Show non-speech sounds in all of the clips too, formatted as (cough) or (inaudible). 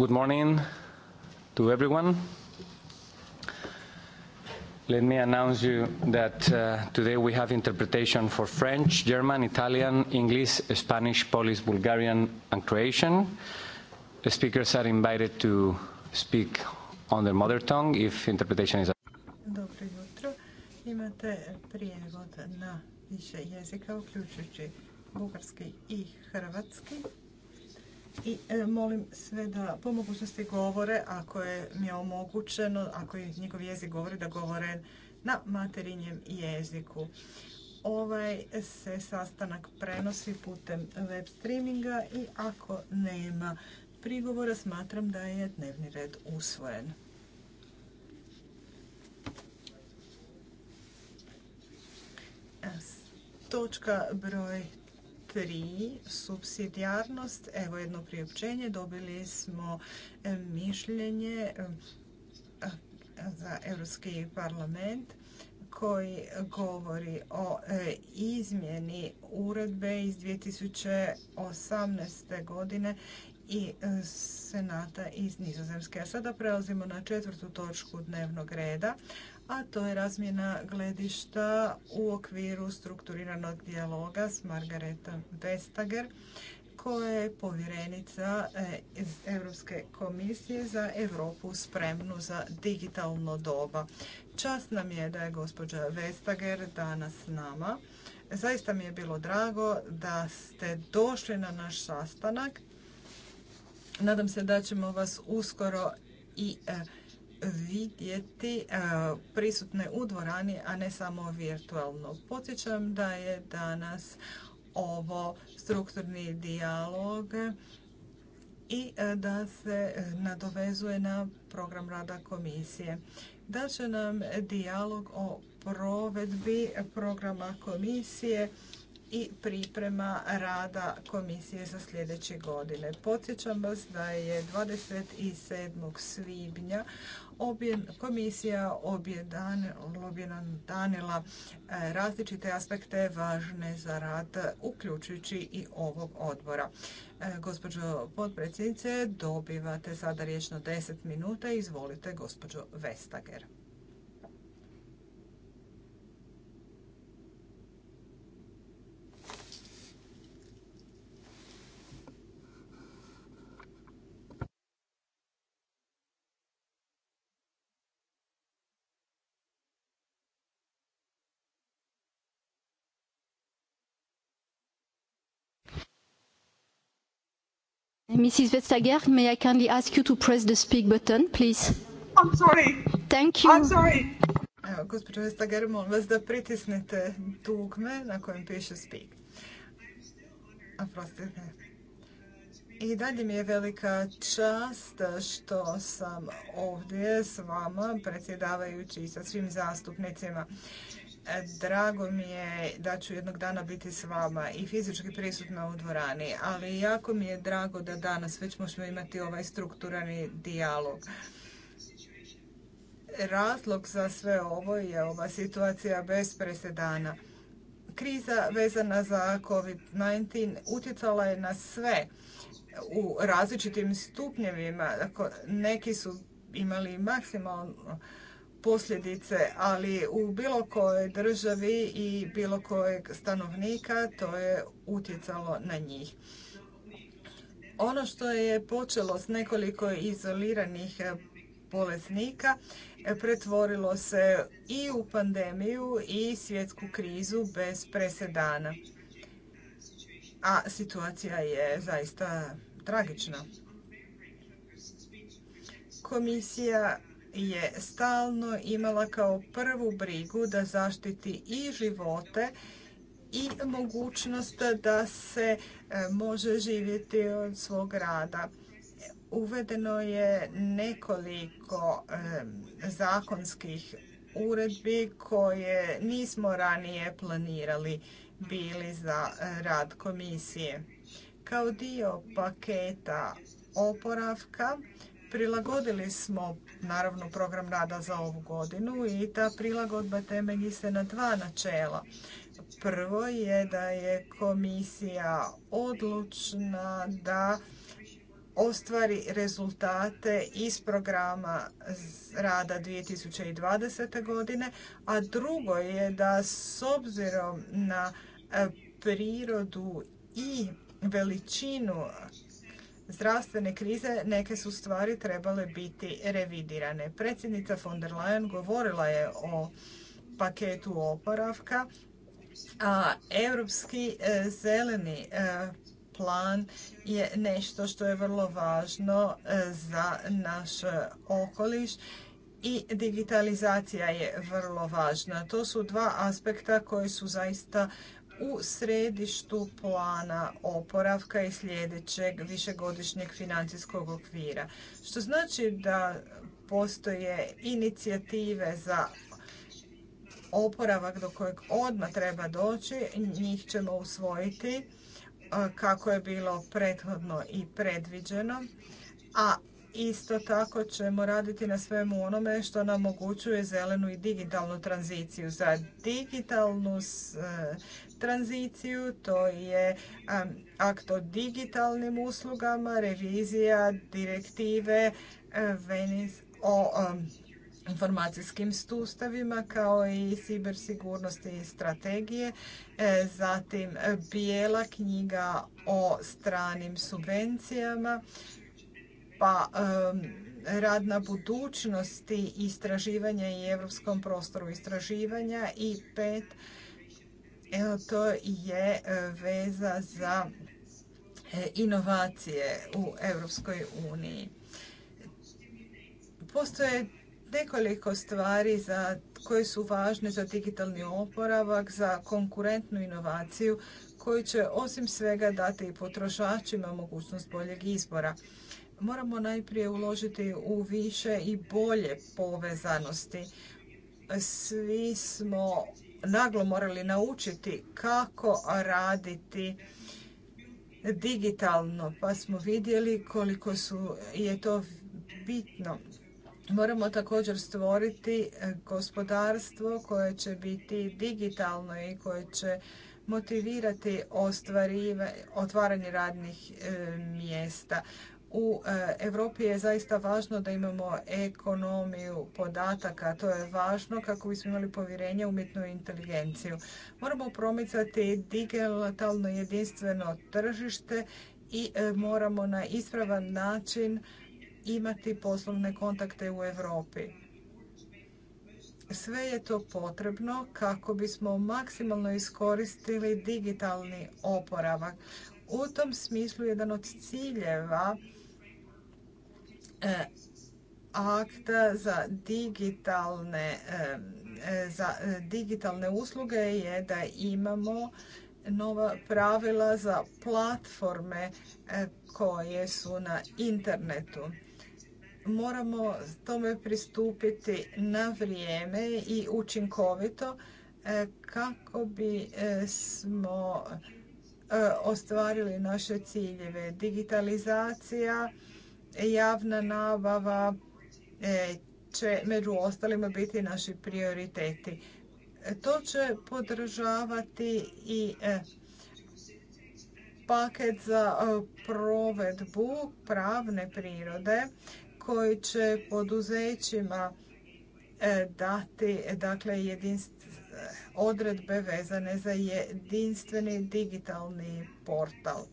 Good morning to everyone. Let me announce you that uh, today we have interpretation for French, German, Italian, English, Spanish, Polish, Bulgarian, and Croatian. The speakers are invited to speak on their mother tongue if interpretation is Dobro jutro. Imate prijevod na više jezika, uključujući bugarski i hrvatski i e, molim sve da po mogućnosti govore ako je mi je omogućeno, ako je njegov jezik govori da govore na materinjem jeziku. Ovaj se sastanak prenosi putem web streaminga i ako nema prigovora smatram da je dnevni red usvojen. E, točka broj 3, subsidijarnost, evo jedno priopćenje, dobili smo e, mišljenje e, e, za Europski parlament koji govori o izmjeni uredbe iz 2018. godine i senata iz Nizozemske. A sada prelazimo na četvrtu točku dnevnog reda, a to je razmjena gledišta u okviru strukturiranog dijaloga s Margareta Vestager, koja je povjerenica e, iz Europske komisije za Europu spremnu za digitalno doba. Čast nam je da je gospođa Vestager danas s nama. Zaista mi je bilo drago da ste došli na naš sastanak. Nadam se da ćemo vas uskoro i e, vidjeti e, prisutne u dvorani, a ne samo virtualno. Podsjećam da je danas ovo strukturni dijalog i e, da se e, nadovezuje na program rada komisije. Da će nam dijalog o provedbi programa komisije i priprema rada komisije za sljedeće godine. Podsjećam vas da je 27. svibnja komisija objedan, Danila, e, različite aspekte važne za rad, uključujući i ovog odbora. E, gospođo potpredsjednice, dobivate sada riječno 10 minuta. Izvolite, gospođo Vestager. Mrs. Vestager, may I kindly ask you to press the speak button, please? I'm sorry. Thank you. I'm sorry. Evo, gospođo Vestager, molim vas da pritisnete dugme na kojem piše speak. A prostite. I dalje mi je velika čast što sam ovdje s vama, predsjedavajući i sa svim zastupnicima. Drago mi je da ću jednog dana biti s vama i fizički prisutna u dvorani, ali jako mi je drago da danas već možemo imati ovaj strukturani dijalog. Razlog za sve ovo je ova situacija bez presedana. Kriza vezana za COVID-19 utjecala je na sve u različitim stupnjevima. Neki su imali maksimalno posljedice, ali u bilo kojoj državi i bilo kojeg stanovnika to je utjecalo na njih. Ono što je počelo s nekoliko izoliranih bolesnika pretvorilo se i u pandemiju i svjetsku krizu bez presedana. A situacija je zaista tragična. Komisija je stalno imala kao prvu brigu da zaštiti i živote i mogućnost da se e, može živjeti od svog rada. Uvedeno je nekoliko e, zakonskih uredbi koje nismo ranije planirali bili za rad komisije. Kao dio paketa oporavka prilagodili smo naravno program rada za ovu godinu i ta prilagodba temelji se na dva načela. Prvo je da je komisija odlučna da ostvari rezultate iz programa rada 2020. godine, a drugo je da s obzirom na prirodu i veličinu zdravstvene krize neke su stvari trebale biti revidirane. Predsjednica von der Leyen govorila je o paketu oporavka, a europski e, zeleni e, plan je nešto što je vrlo važno e, za naš okoliš i digitalizacija je vrlo važna. To su dva aspekta koji su zaista u središtu plana oporavka i sljedećeg višegodišnjeg financijskog okvira. Što znači da postoje inicijative za oporavak do kojeg odmah treba doći, njih ćemo usvojiti e, kako je bilo prethodno i predviđeno, a isto tako ćemo raditi na svemu onome što nam omogućuje zelenu i digitalnu tranziciju. Za digitalnu e, tranziciju, to je akt o digitalnim uslugama, revizija direktive e, o informacijskim sustavima kao i sigurnosti i strategije, e, zatim bijela knjiga o stranim subvencijama, pa rad na budućnosti istraživanja i europskom prostoru istraživanja i pet Evo, to je e, veza za e, inovacije u Europskoj uniji. Postoje nekoliko stvari za, koje su važne za digitalni oporavak, za konkurentnu inovaciju koju će osim svega dati i potrošačima mogućnost boljeg izbora. Moramo najprije uložiti u više i bolje povezanosti. Svi smo naglo morali naučiti kako raditi digitalno, pa smo vidjeli koliko su, je to bitno. Moramo također stvoriti e, gospodarstvo koje će biti digitalno i koje će motivirati otvaranje radnih e, mjesta u e, Europi je zaista važno da imamo ekonomiju podataka. To je važno kako bismo imali povjerenje umjetnu inteligenciju. Moramo promicati digitalno jedinstveno tržište i e, moramo na ispravan način imati poslovne kontakte u Europi. Sve je to potrebno kako bismo maksimalno iskoristili digitalni oporavak. U tom smislu jedan od ciljeva E, akta za digitalne, e, e, za digitalne usluge je da imamo nova pravila za platforme koje su na internetu. Moramo tome pristupiti na vrijeme i učinkovito kako bi smo ostvarili naše ciljeve. Digitalizacija javna nabava e, će među ostalima biti naši prioriteti. E, to će podržavati i e, paket za provedbu pravne prirode koji će poduzećima dati dakle, odredbe vezane za jedinstveni digitalni portal.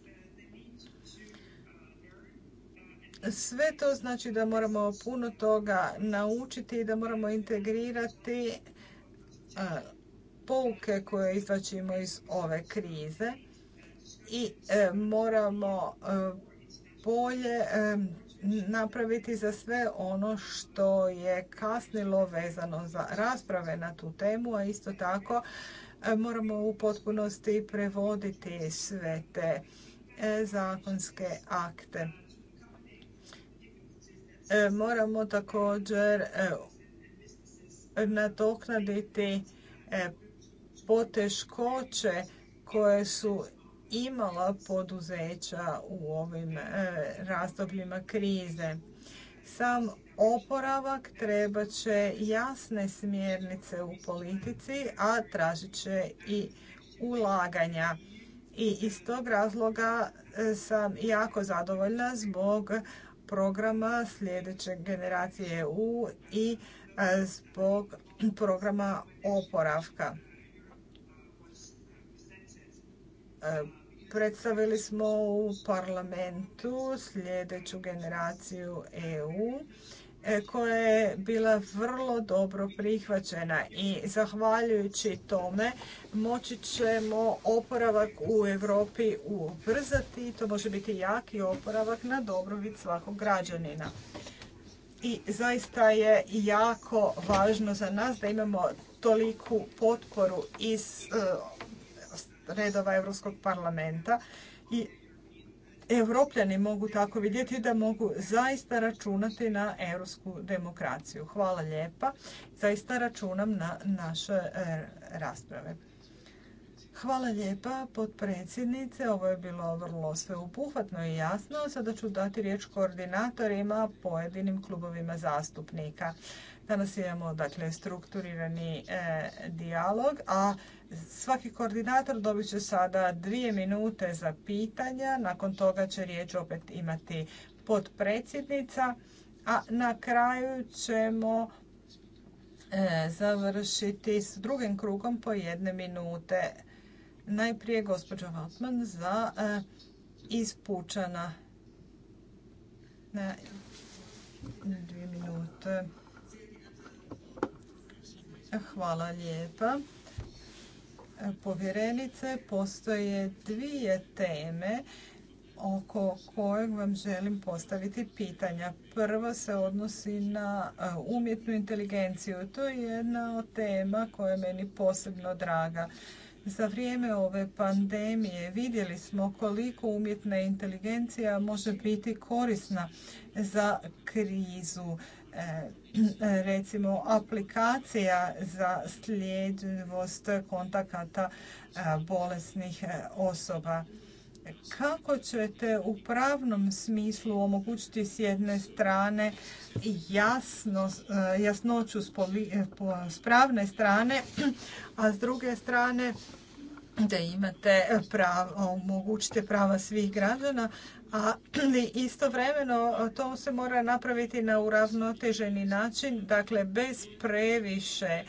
Sve to znači da moramo puno toga naučiti i da moramo integrirati e, pouke koje izvlačimo iz ove krize i e, moramo e, bolje napraviti za sve ono što je kasnilo vezano za rasprave na tu temu, a isto tako moramo u potpunosti prevoditi sve te zakonske akte. E, moramo također e, nadoknaditi e, poteškoće koje su imala poduzeća u ovim razdobljima krize. Sam oporavak treba će jasne smjernice u politici, a tražit će i ulaganja. I iz tog razloga sam jako zadovoljna zbog programa sljedeće generacije EU i e, zbog programa oporavka. E, predstavili smo u parlamentu sljedeću generaciju EU E, koja je bila vrlo dobro prihvaćena i zahvaljujući tome moći ćemo oporavak u Europi ubrzati i to može biti jaki oporavak na dobrobit svakog građanina. I zaista je jako važno za nas da imamo toliku potporu iz e, redova Europskog parlamenta i Evropljani mogu tako vidjeti da mogu zaista računati na europsku demokraciju. Hvala lijepa. Zaista računam na naše e, rasprave. Hvala lijepa, podpredsjednice. Ovo je bilo vrlo sveupuhvatno i jasno. Sada ću dati riječ koordinatorima, pojedinim klubovima zastupnika. Danas imamo dakle, strukturirani e, dijalog, a svaki koordinator dobit će sada dvije minute za pitanja. Nakon toga će riječ opet imati potpredsjednica, a na kraju ćemo e, završiti s drugim krugom po jedne minute. Najprije gospođa Vatman za e, ispučana na dvije minute. Hvala lijepa. Povjerenice, postoje dvije teme oko kojeg vam želim postaviti pitanja. Prvo se odnosi na e, umjetnu inteligenciju. To je jedna od tema koja je meni posebno draga. Za vrijeme ove pandemije vidjeli smo koliko umjetna inteligencija može biti korisna za krizu. Eh, (clears throat) recimo aplikacija za sljedivost kontakata eh, bolesnih eh, osoba. Kako ćete u pravnom smislu omogućiti s jedne strane jasnoću s, s pravne strane, (clears throat) a s druge strane da imate pravo, omogućite prava svih građana, a (clears throat) istovremeno to se mora napraviti na uravnoteženi način, dakle bez previše e,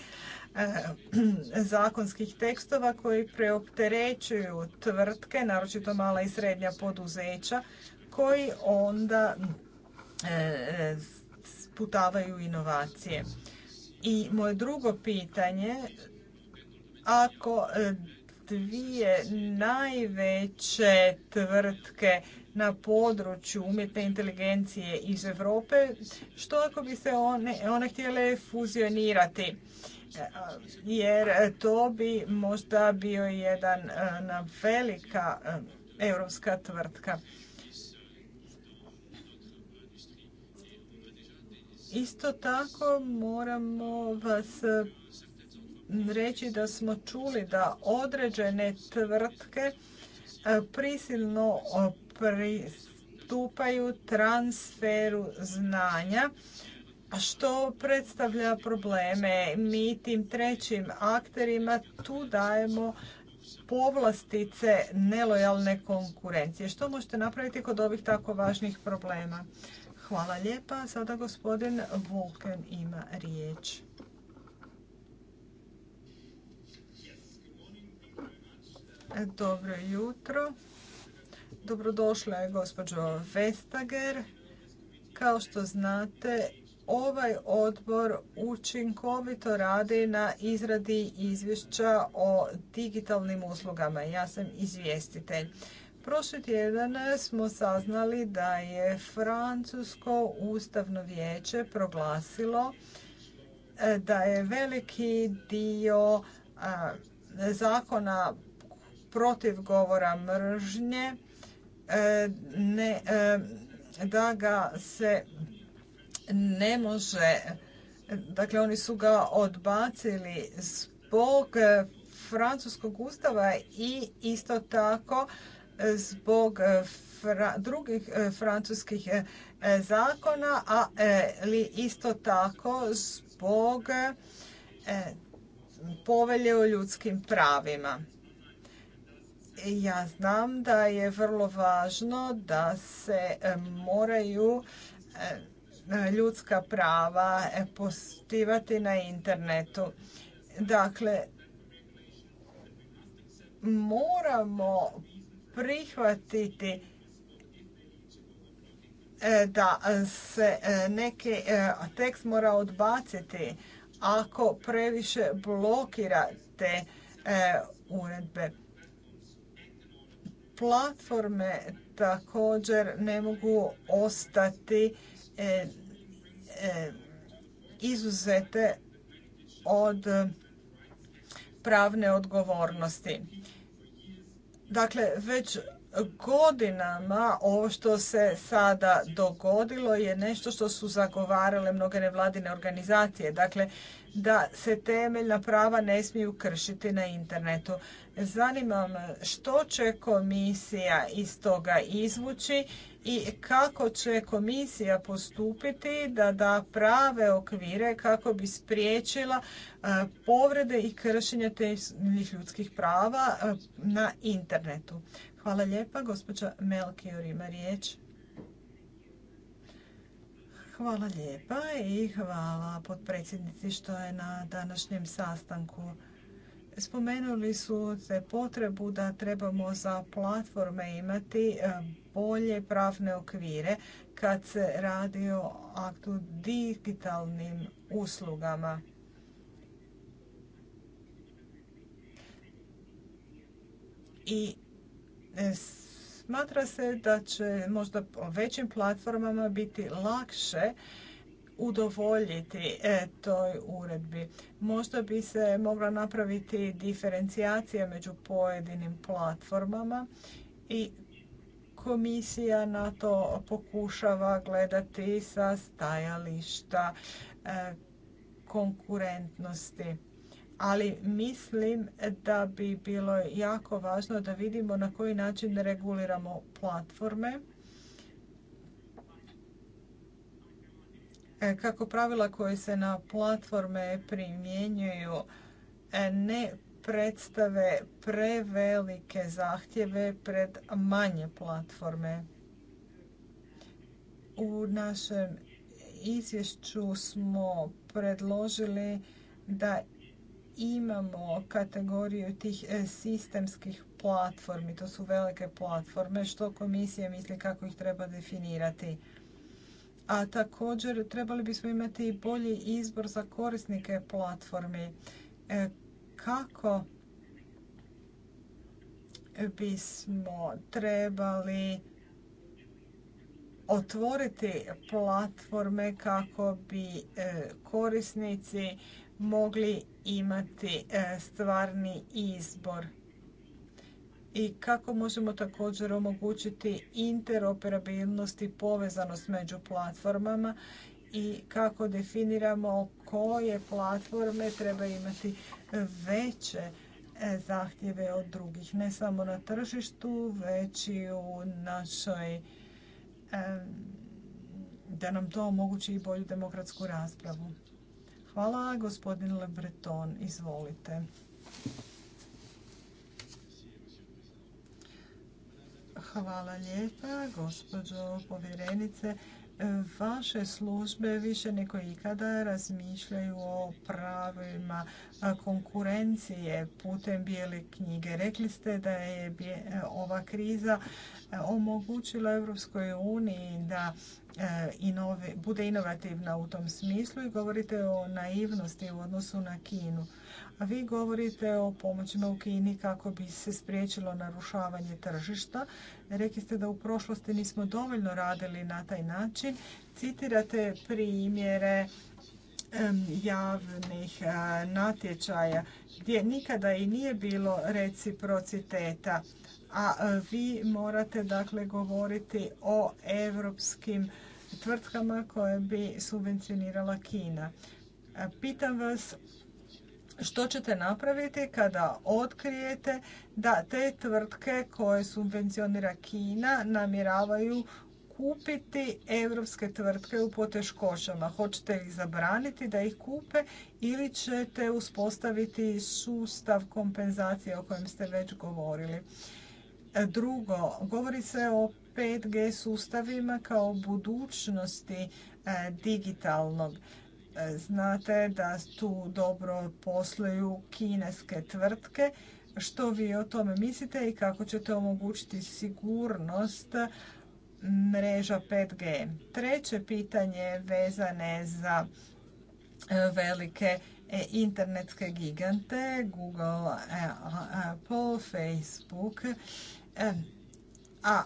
(clears throat) zakonskih tekstova koji preopterećuju tvrtke, naročito mala i srednja poduzeća, koji onda e, sputavaju inovacije. I moje drugo pitanje, ako e, dvije najveće tvrtke na području umjetne inteligencije iz Europe, što ako bi se one, htjele fuzionirati? Jer to bi možda bio jedan e, velika e, europska tvrtka. Isto tako moramo vas reći da smo čuli da određene tvrtke e, prisilno pristupaju transferu znanja što predstavlja probleme. Mi tim trećim akterima tu dajemo povlastice nelojalne konkurencije. Što možete napraviti kod ovih tako važnih problema? Hvala lijepa. Sada gospodin Vulkan ima riječ. Dobro jutro. Dobrodošla je gospođo Vestager. Kao što znate, ovaj odbor učinkovito radi na izradi izvješća o digitalnim uslugama. Ja sam izvjestitelj. Prošli tjedan smo saznali da je Francusko ustavno vijeće proglasilo e, da je veliki dio zakona protiv govora mržnje E, e, da ga se ne može, dakle oni su ga odbacili zbog francuskog ustava i isto tako zbog drugih e, francuskih zakona, ali isto tako zbog povelje o ljudskim pravima. E, ja znam da je vrlo važno da se e, moraju e, ljudska prava postivati na internetu. Dakle, moramo prihvatiti da se neki tekst mora odbaciti ako previše blokirate uredbe platforme također ne mogu ostati e, e, izuzete od pravne odgovornosti. Dakle, već godinama ovo što se sada dogodilo je nešto što su zagovarale mnoge nevladine organizacije. Dakle, da se temeljna prava ne smiju kršiti na internetu. Zanima što će komisija iz toga izvući i kako će komisija postupiti da da prave okvire kako bi spriječila e, povrede i kršenje temeljnih ljudskih prava e, na internetu. Hvala lijepa. Gospođa Melkior ima riječ. Hvala lijepa i hvala potpredsjednici što je na današnjem sastanku. Spomenuli su se potrebu da trebamo za platforme imati e, bolje pravne okvire kad se radi o aktu digitalnim uslugama. I E, smatra se da će možda većim platformama biti lakše udovoljiti e, toj uredbi. Možda bi se mogla napraviti diferencijacija među pojedinim platformama i komisija na to pokušava gledati sa stajališta e, konkurentnosti ali mislim da bi bilo jako važno da vidimo na koji način reguliramo platforme e, kako pravila koje se na platforme primjenjuju e, ne predstave prevelike zahtjeve pred manje platforme. U našem izvješću smo predložili da imamo kategoriju tih e, sistemskih platformi, to su velike platforme, što komisija misli kako ih treba definirati. A također trebali bismo imati i bolji izbor za korisnike platformi. E, kako bismo trebali otvoriti platforme kako bi e, korisnici mogli imati e, stvarni izbor. I kako možemo također omogućiti interoperabilnost i povezanost među platformama i kako definiramo koje platforme treba imati veće e, zahtjeve od drugih, ne samo na tržištu, već i u našoj e, da nam to omogući i bolju demokratsku raspravu. Hvala, gospodin Le Breton, izvolite. Hvala lijepa, gospođo povjerenice vaše službe više nego ikada razmišljaju o pravima konkurencije putem bijele knjige. Rekli ste da je e, ova kriza e, omogućila Europskoj uniji da e, bude inovativna u tom smislu i govorite o naivnosti u odnosu na Kinu. Vi govorite o pomoćima u Kini kako bi se spriječilo narušavanje tržišta. Rekli ste da u prošlosti nismo dovoljno radili na taj način. Citirate primjere javnih natječaja gdje nikada i nije bilo reciprociteta, a e, vi morate dakle govoriti o europskim tvrtkama koje bi subvencionirala Kina. E, pitam vas što ćete napraviti kada otkrijete da te tvrtke koje subvencionira Kina namjeravaju kupiti europske tvrtke u poteškoćama? Hoćete ih zabraniti da ih kupe ili ćete uspostaviti sustav kompenzacije o kojem ste već govorili? Drugo, govori se o 5G sustavima kao budućnosti e, digitalnog. Znate da tu dobro posluju kineske tvrtke. Što vi o tome mislite i kako ćete omogućiti sigurnost mreža 5G? Treće pitanje vezane za e, velike e, internetske gigante, Google, e, Apple, Facebook. A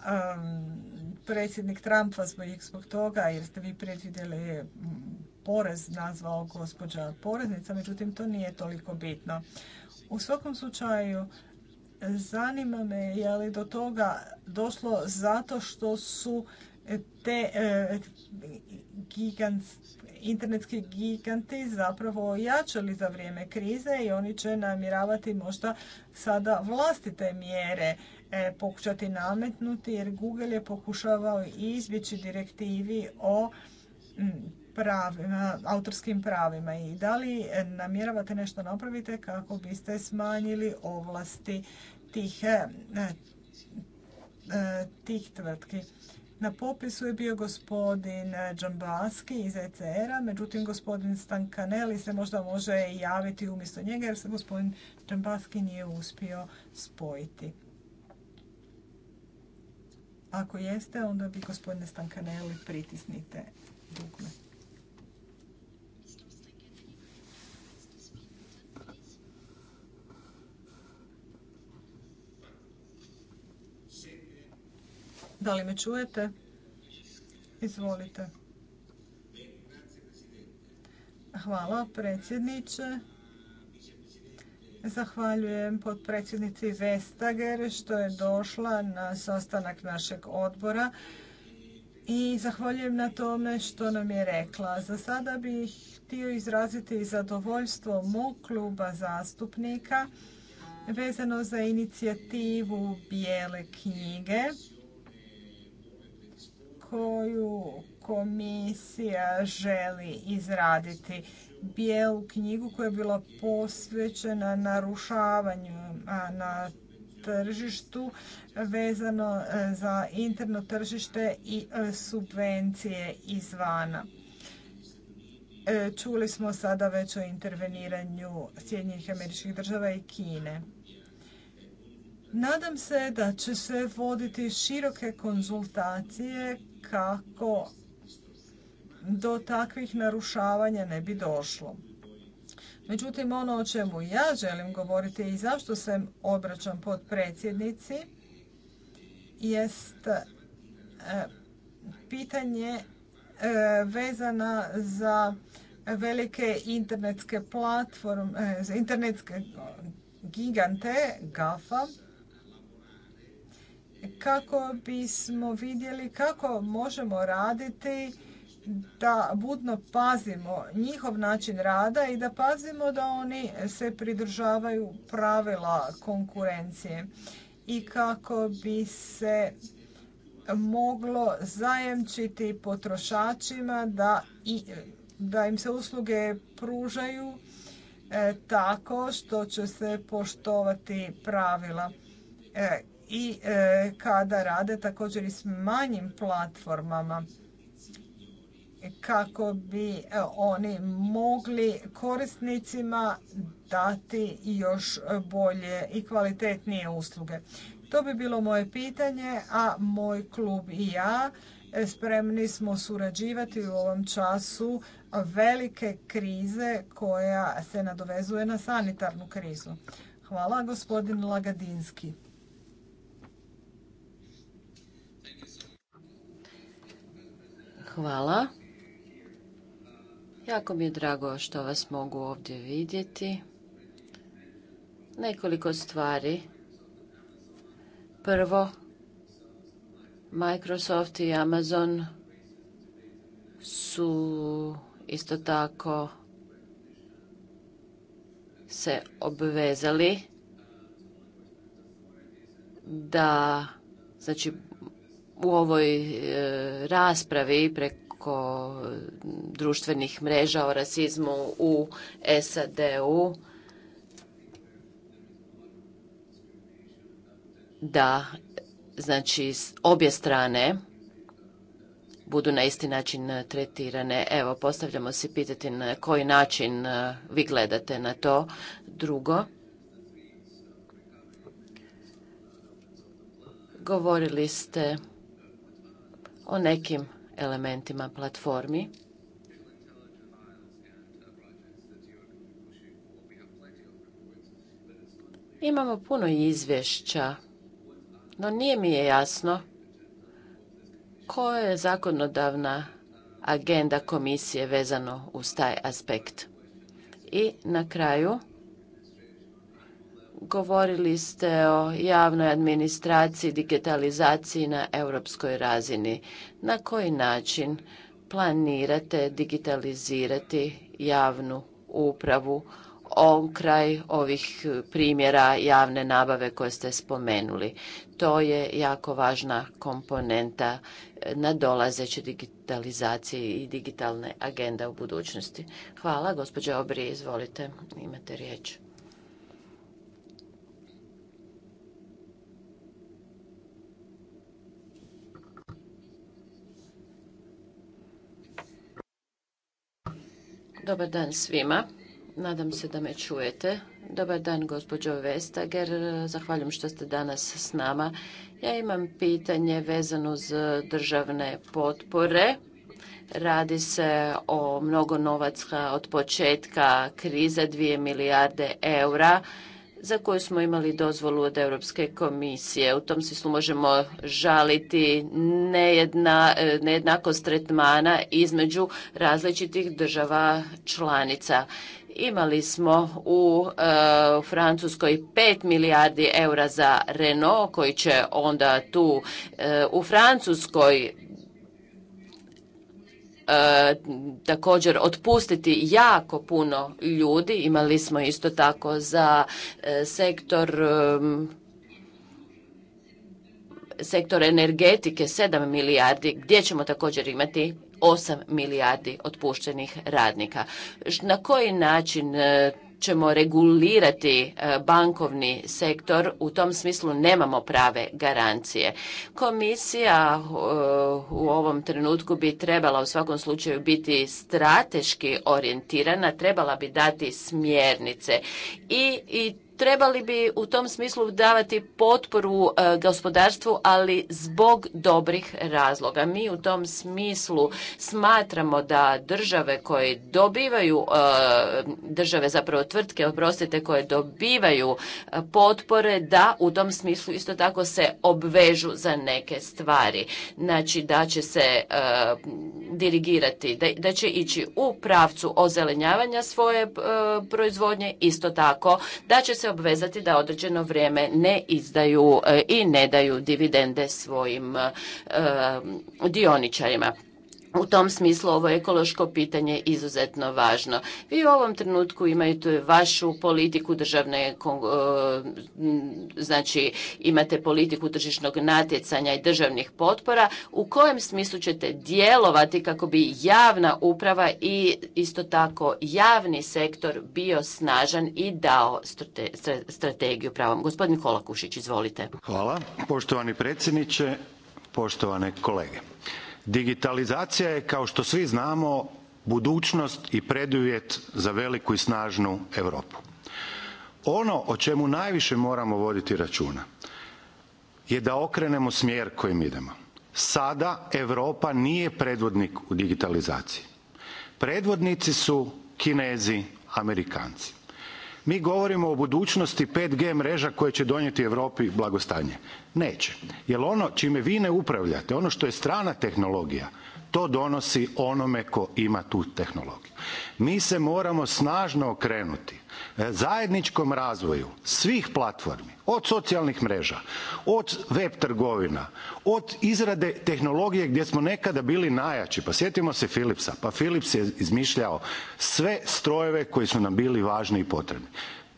predsjednik Trump vas zbog toga jer ste vi predvidjeli porez nazvao gospođa poreznica, međutim to nije toliko bitno. U svakom slučaju, zanima me je li do toga došlo zato što su te e, internetski giganti zapravo ojačali za vrijeme krize i oni će namiravati možda sada vlastite mjere e, pokušati nametnuti jer Google je pokušavao izbjeći direktivi o pravima, autorskim pravima i da li namjeravate nešto napraviti kako biste smanjili ovlasti tih, eh, eh, tih tvrtki. Na popisu je bio gospodin eh, Džambaski iz ECR-a, međutim gospodin Stankaneli se možda može javiti umjesto njega jer se gospodin Džambaski nije uspio spojiti. Ako jeste, onda bi gospodine Stankaneli pritisnite dugme. Da li me čujete? Izvolite. Hvala predsjedniče. Zahvaljujem potpredsjednici Vestager što je došla na sastanak našeg odbora i zahvaljujem na tome što nam je rekla. Za sada bih htio izraziti zadovoljstvo mog kluba zastupnika vezano za inicijativu Bijele knjige koju komisija želi izraditi. Bijelu knjigu koja je bila posvećena narušavanju na tržištu vezano e, za interno tržište i e, subvencije izvana. E, čuli smo sada već o interveniranju Sjedinjenih američkih država i Kine. Nadam se da će se voditi široke konzultacije kako do takvih narušavanja ne bi došlo. Međutim, ono o čemu ja želim govoriti i zašto se obraćam pod predsjednici jest e, pitanje e, vezana za velike internetske platforme, e, internetske gigante GAFA kako bismo vidjeli kako možemo raditi da budno pazimo njihov način rada i da pazimo da oni se pridržavaju pravila konkurencije i kako bi se moglo zajemčiti potrošačima da, i, da im se usluge pružaju e, tako što će se poštovati pravila. E, i e, kada rade također i s manjim platformama kako bi e, oni mogli korisnicima dati još bolje i kvalitetnije usluge. To bi bilo moje pitanje, a moj klub i ja e, spremni smo surađivati u ovom času velike krize koja se nadovezuje na sanitarnu krizu. Hvala gospodin Lagadinski. Hvala. Jako mi je drago što vas mogu ovdje vidjeti. Nekoliko stvari. Prvo, Microsoft i Amazon su isto tako se obvezali da znači u ovoj e, raspravi preko društvenih mreža o rasizmu u SAD-u da znači obje strane budu na isti način tretirane. Evo, postavljamo se pitati na koji način e, vi gledate na to. Drugo, govorili ste o nekim elementima platformi. Imamo puno izvješća, no nije mi je jasno koja je zakonodavna agenda komisije vezano uz taj aspekt. I na kraju Govorili ste o javnoj administraciji, digitalizaciji na europskoj razini. Na koji način planirate digitalizirati javnu upravu kraj ovih primjera javne nabave koje ste spomenuli? To je jako važna komponenta e, nadolazeće digitalizacije i digitalne agenda u budućnosti. Hvala. Gospođa Obri, izvolite, imate riječ. Dobar dan svima. Nadam se da me čujete. Dobar dan, gospođo Vestager. Zahvaljujem što ste danas s nama. Ja imam pitanje vezano uz državne potpore. Radi se o mnogo novaca od početka krize, 2 milijarde eura za koju smo imali dozvolu od Europske komisije. U tom smislu možemo žaliti nejedna, e, nejednakost tretmana između različitih država članica. Imali smo u e, Francuskoj 5 milijardi eura za Renault koji će onda tu e, u Francuskoj e, također otpustiti jako puno ljudi. Imali smo isto tako za e, sektor e, sektor energetike 7 milijardi, gdje ćemo također imati 8 milijardi otpuštenih radnika. Na koji način e, ćemo regulirati e, bankovni sektor, u tom smislu nemamo prave garancije. Komisija e, u ovom trenutku bi trebala u svakom slučaju biti strateški orijentirana, trebala bi dati smjernice i, i trebali bi u tom smislu davati potporu e, gospodarstvu, ali zbog dobrih razloga. Mi u tom smislu smatramo da države koje dobivaju, e, države zapravo tvrtke, oprostite, koje dobivaju e, potpore, da u tom smislu isto tako se obvežu za neke stvari. Znači da će se dirigirati, da će ići u pravcu ozelenjavanja svoje proizvodnje, isto tako da će se obvezati da određeno vrijeme ne izdaju e, i ne daju dividende svojim e, dioničarima u tom smislu ovo ekološko pitanje izuzetno važno. Vi u ovom trenutku imate vašu politiku državne, e, znači imate politiku tržišnog natjecanja i državnih potpora. U kojem smislu ćete djelovati kako bi javna uprava i isto tako javni sektor bio snažan i dao strategiju pravom? Gospodin Kolakušić, izvolite. Hvala. Poštovani predsjedniče, poštovane kolege. Digitalizacija je kao što svi znamo budućnost i preduvjet za veliku i snažnu Europu. Ono o čemu najviše moramo voditi računa je da okrenemo smjer kojim idemo. Sada Europa nije predvodnik u digitalizaciji. Predvodnici su Kinezi, Amerikanci. Mi govorimo o budućnosti 5G mreža koje će donijeti Europi blagostanje. Neće. Jer ono čime vi ne upravljate, ono što je strana tehnologija, to donosi onome ko ima tu tehnologiju. Mi se moramo snažno okrenuti e, zajedničkom razvoju svih platformi, od socijalnih mreža, od web trgovina, od izrade tehnologije gdje smo nekada bili najjači. Pa sjetimo se Philipsa, pa Philips je izmišljao sve strojeve koji su nam bili važni i potrebni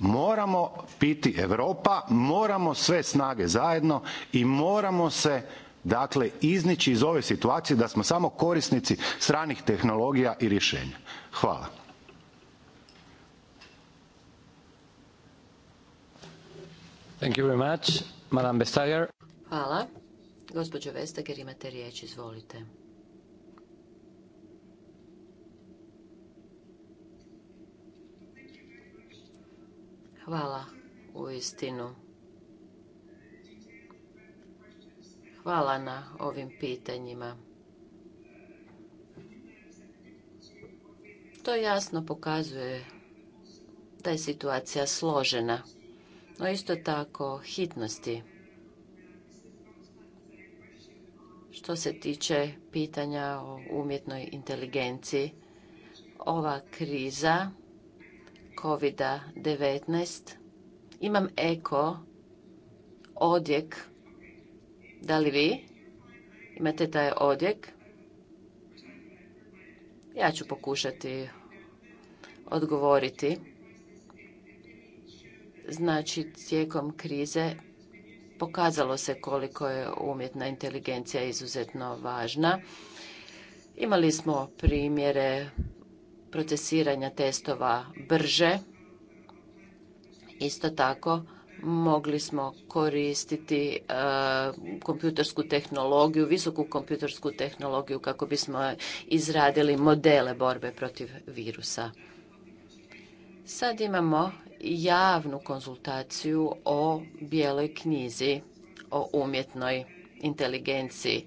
moramo biti Europa, moramo sve snage zajedno i moramo se dakle iznići iz ove situacije da smo samo korisnici stranih tehnologija i rješenja. Hvala. Hvala. imate riječ, izvolite. Hvala u istinu. Hvala na ovim pitanjima. To jasno pokazuje da je situacija složena, no isto tako hitnosti. Što se tiče pitanja o umjetnoj inteligenciji, ova kriza COVID-19. Imam eko odjek. Da li vi imate taj odjek? Ja ću pokušati odgovoriti. Znači, tijekom krize pokazalo se koliko je umjetna inteligencija izuzetno važna. Imali smo primjere procesiranja testova brže. Isto tako mogli smo koristiti e, kompjutersku tehnologiju, visoku kompjutersku tehnologiju kako bismo izradili modele borbe protiv virusa. Sad imamo javnu konzultaciju o bijeloj knjizi o umjetnoj inteligenciji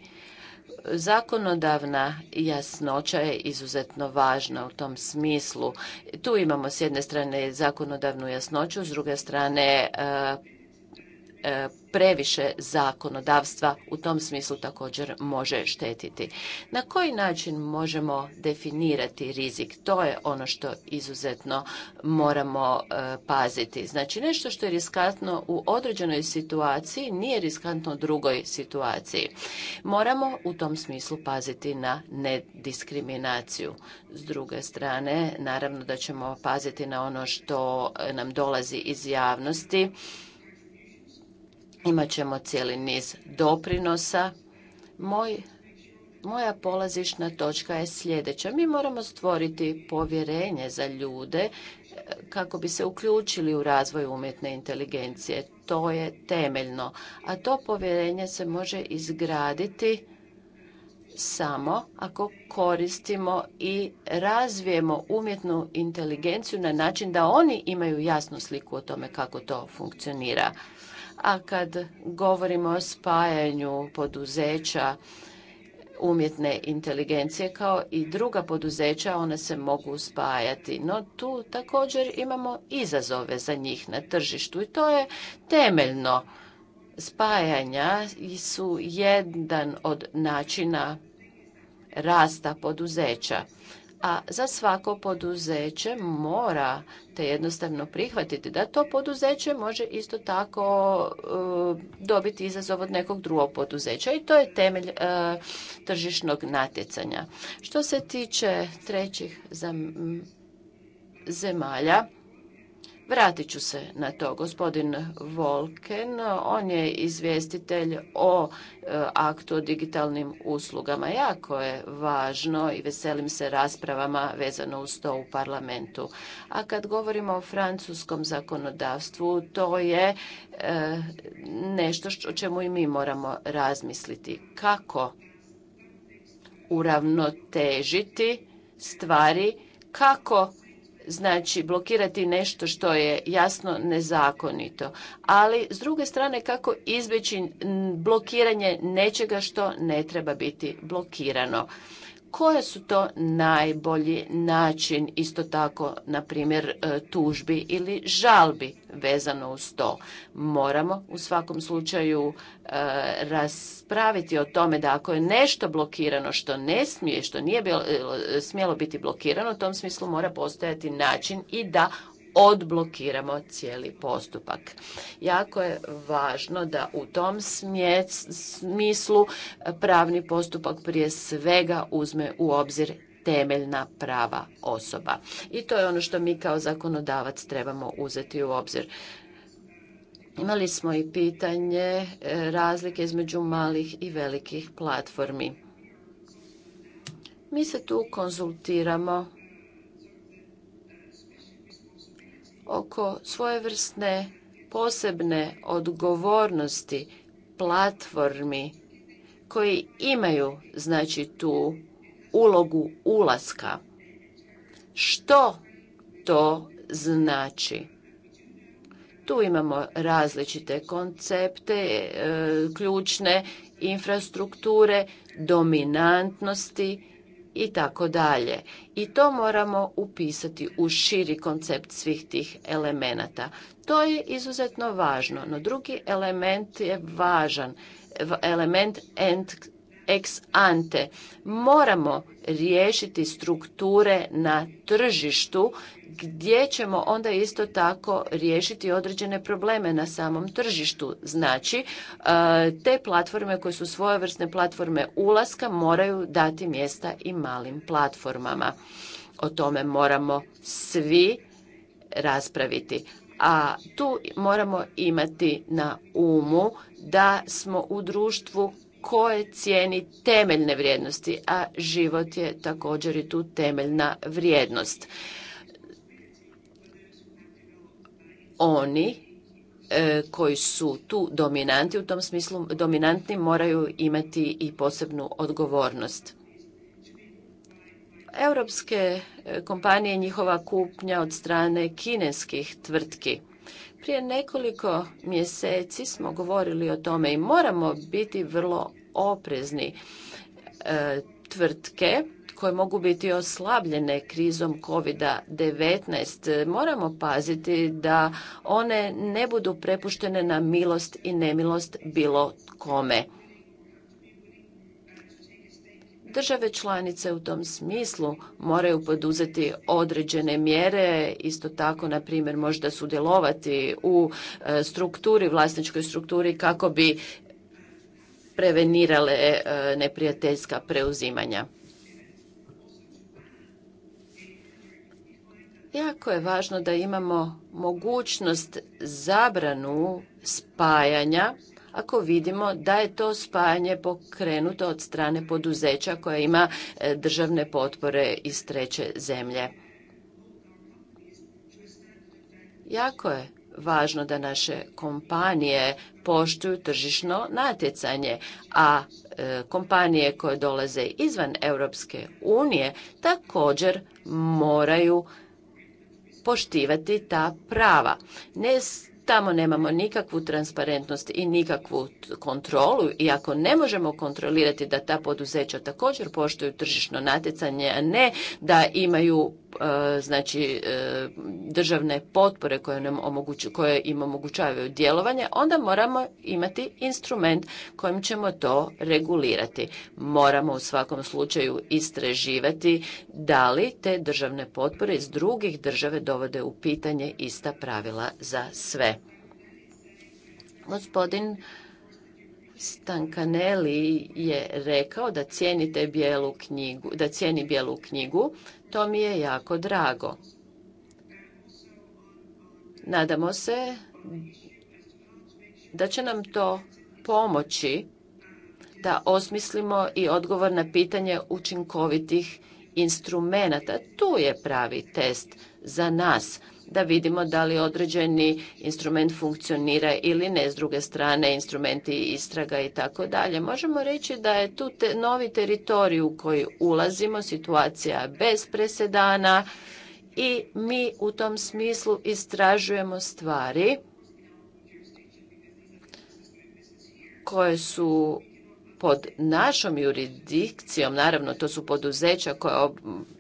Zakonodavna jasnoća je izuzetno važna u tom smislu. Tu imamo s jedne strane zakonodavnu jasnoću, s druge strane e, E, previše zakonodavstva u tom smislu također može štetiti. Na koji način možemo definirati rizik? To je ono što izuzetno moramo e, paziti. Znači nešto što je riskantno u određenoj situaciji nije riskantno u drugoj situaciji. Moramo u tom smislu paziti na nediskriminaciju. S druge strane, naravno da ćemo paziti na ono što nam dolazi iz javnosti Imat ćemo cijeli niz doprinosa. Moj, moja polazišna točka je sljedeća. Mi moramo stvoriti povjerenje za ljude e, kako bi se uključili u razvoj umjetne inteligencije. To je temeljno. A to povjerenje se može izgraditi samo ako koristimo i razvijemo umjetnu inteligenciju na način da oni imaju jasnu sliku o tome kako to funkcionira a kad govorimo o spajanju poduzeća umjetne inteligencije kao i druga poduzeća, one se mogu spajati. No tu također imamo izazove za njih na tržištu i to je temeljno. Spajanja su jedan od načina rasta poduzeća a za svako poduzeće mora te jednostavno prihvatiti da to poduzeće može isto tako e, dobiti izazov od nekog drugog poduzeća i to je temelj e, tržišnog natjecanja. Što se tiče trećih zemalja, Vratit ću se na to. Gospodin Volken, on je izvjestitelj o e, aktu o digitalnim uslugama. Jako je važno i veselim se raspravama vezano uz to u parlamentu. A kad govorimo o francuskom zakonodavstvu, to je e, nešto o čemu i mi moramo razmisliti. Kako uravnotežiti stvari, kako znači blokirati nešto što je jasno nezakonito. Ali s druge strane kako izbjeći blokiranje nečega što ne treba biti blokirano koje su to najbolji način isto tako na primjer e, tužbi ili žalbi vezano uz to moramo u svakom slučaju e, raspraviti o tome da ako je nešto blokirano što ne smije što nije bilo, e, smjelo biti blokirano u tom smislu mora postojati način i da odblokiramo cijeli postupak. Jako je važno da u tom smislu pravni postupak prije svega uzme u obzir temeljna prava osoba. I to je ono što mi kao zakonodavac trebamo uzeti u obzir. Imali smo i pitanje e, razlike između malih i velikih platformi. Mi se tu konzultiramo oko svojevrsne posebne odgovornosti platformi koji imaju znači tu ulogu ulaska. Što to znači? Tu imamo različite koncepte, e, ključne infrastrukture, dominantnosti i tako dalje. I to moramo upisati u širi koncept svih tih elemenata. To je izuzetno važno, no drugi element je važan, element end ex ante. Moramo riješiti strukture na tržištu gdje ćemo onda isto tako riješiti određene probleme na samom tržištu. Znači, e, te platforme koje su svojevrsne platforme ulaska moraju dati mjesta i malim platformama. O tome moramo svi raspraviti. A tu moramo imati na umu da smo u društvu koje cijeni temeljne vrijednosti, a život je također i tu temeljna vrijednost. Oni e, koji su tu dominanti, u tom smislu dominantni moraju imati i posebnu odgovornost. Europske e, kompanije njihova kupnja od strane kineskih tvrtki. Prije nekoliko mjeseci smo govorili o tome i moramo biti vrlo oprezni. E, tvrtke koje mogu biti oslabljene krizom COVID-19. Moramo paziti da one ne budu prepuštene na milost i nemilost bilo kome. Države članice u tom smislu moraju poduzeti određene mjere, isto tako, na primjer, možda sudjelovati u e, strukturi, vlasničkoj strukturi kako bi prevenirale e, neprijateljska preuzimanja. Jako je važno da imamo mogućnost zabranu spajanja ako vidimo da je to spajanje pokrenuto od strane poduzeća koja ima e, državne potpore iz treće zemlje. Jako je važno da naše kompanije poštuju tržišno natjecanje, a e, kompanije koje dolaze izvan Europske unije također moraju poštivati ta prava. Ne tamo nemamo nikakvu transparentnost i nikakvu kontrolu i ako ne možemo kontrolirati da ta poduzeća također poštuju tržišno natjecanje, a ne da imaju E, znači e, državne potpore koje, nam koje im omogućavaju djelovanje, onda moramo imati instrument kojim ćemo to regulirati. Moramo u svakom slučaju istraživati da li te državne potpore iz drugih države dovode u pitanje ista pravila za sve. Gospodin Stankaneli je rekao da cijeni bijelu knjigu, da cijeni bijelu knjigu. To mi je jako drago. Nadamo se da će nam to pomoći da osmislimo i odgovor na pitanje učinkovitih instrumenata. Tu je pravi test za nas da vidimo da li određeni instrument funkcionira ili ne. S druge strane, instrumenti istraga i tako dalje. Možemo reći da je tu novi teritorij u koji ulazimo, situacija bez presedana i mi u tom smislu istražujemo stvari koje su pod našom jurisdikcijom, naravno to su poduzeća koja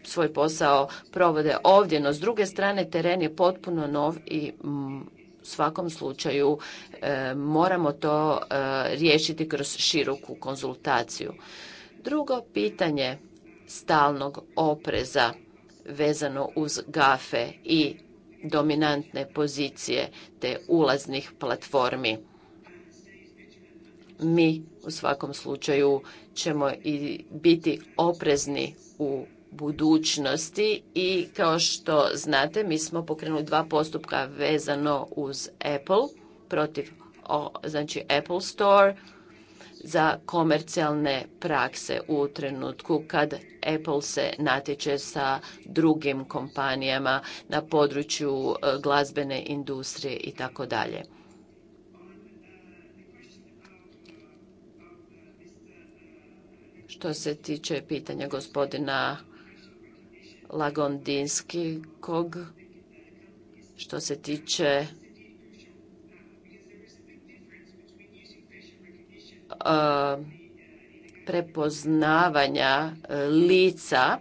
svoj posao provode ovdje, no s druge strane teren je potpuno nov i mm, u svakom slučaju e, moramo to e, riješiti kroz široku konzultaciju. Drugo pitanje stalnog opreza vezano uz gafe i dominantne pozicije te ulaznih platformi mi u svakom slučaju ćemo i biti oprezni u budućnosti i kao što znate mi smo pokrenuli dva postupka vezano uz Apple protiv o, znači Apple Store za komercijalne prakse u trenutku kad Apple se natječe sa drugim kompanijama na području e, glazbene industrije i tako dalje. Što se tiče pitanja gospodina kog, što se tiče prepoznavanja e, lica,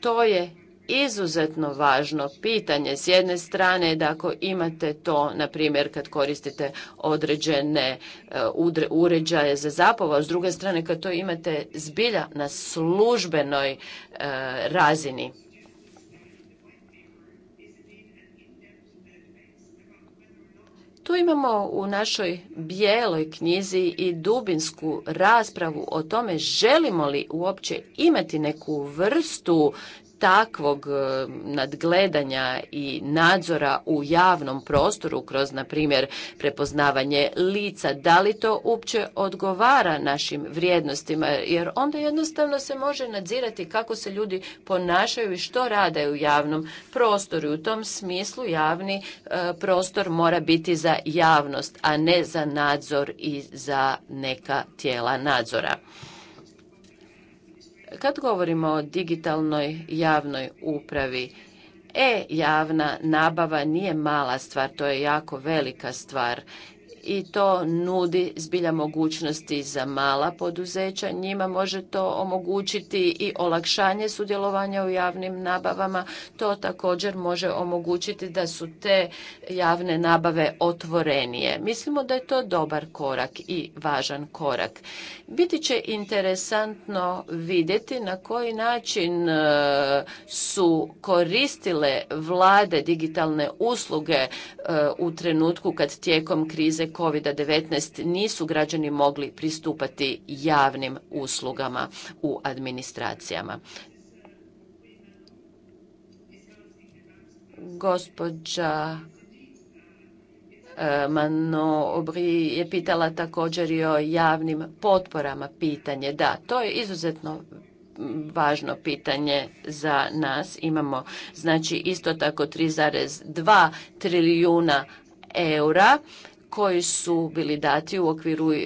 to je izuzetno važno pitanje. S jedne strane da ako imate to, na primjer, kad koristite određene e, uređaje za zapovo, a s druge strane kad to imate zbilja na službenoj e, razini. Tu imamo u našoj bijeloj knjizi i dubinsku raspravu o tome želimo li uopće imati neku vrstu takvog e, nadgledanja i nadzora u javnom prostoru kroz, na primjer, prepoznavanje lica, da li to uopće odgovara našim vrijednostima, jer onda jednostavno se može nadzirati kako se ljudi ponašaju i što rade u javnom prostoru. u tom smislu javni e, prostor mora biti za javnost, a ne za nadzor i za neka tijela nadzora. Kad govorimo o digitalnoj javnoj upravi, e-javna nabava nije mala stvar, to je jako velika stvar i to nudi zbilja mogućnosti za mala poduzeća. Njima može to omogućiti i olakšanje sudjelovanja u javnim nabavama. To također može omogućiti da su te javne nabave otvorenije. Mislimo da je to dobar korak i važan korak. Biti će interesantno vidjeti na koji način e, su koristile vlade digitalne usluge e, u trenutku kad tijekom krize COVID-19 nisu građani mogli pristupati javnim uslugama u administracijama. Gospođa e, Mano Obri je pitala također i o javnim potporama pitanje. Da, to je izuzetno važno pitanje za nas. Imamo znači isto tako 3,2 trilijuna eura koji su bili dati u okviru e,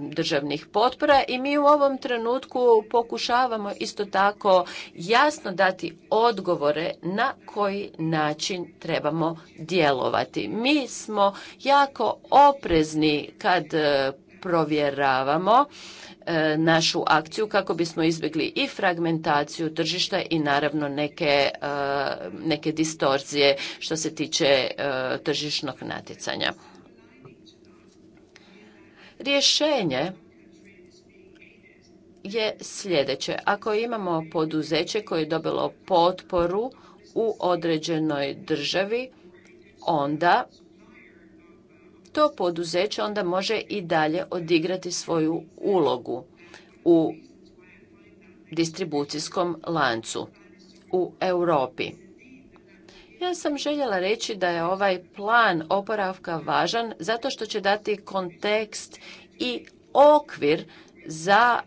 državnih potpora i mi u ovom trenutku pokušavamo isto tako jasno dati odgovore na koji način trebamo djelovati. Mi smo jako oprezni kad e, provjeravamo e, našu akciju kako bismo izbjegli i fragmentaciju tržišta i naravno neke, neke distorzije što se tiče tržišnog natjecanja. Rješenje je sljedeće. Ako imamo poduzeće koje je dobilo potporu u određenoj državi, onda to poduzeće onda može i dalje odigrati svoju ulogu u distribucijskom lancu u Europi. Ja sam željela reći da je ovaj plan oporavka važan zato što će dati kontekst i okvir za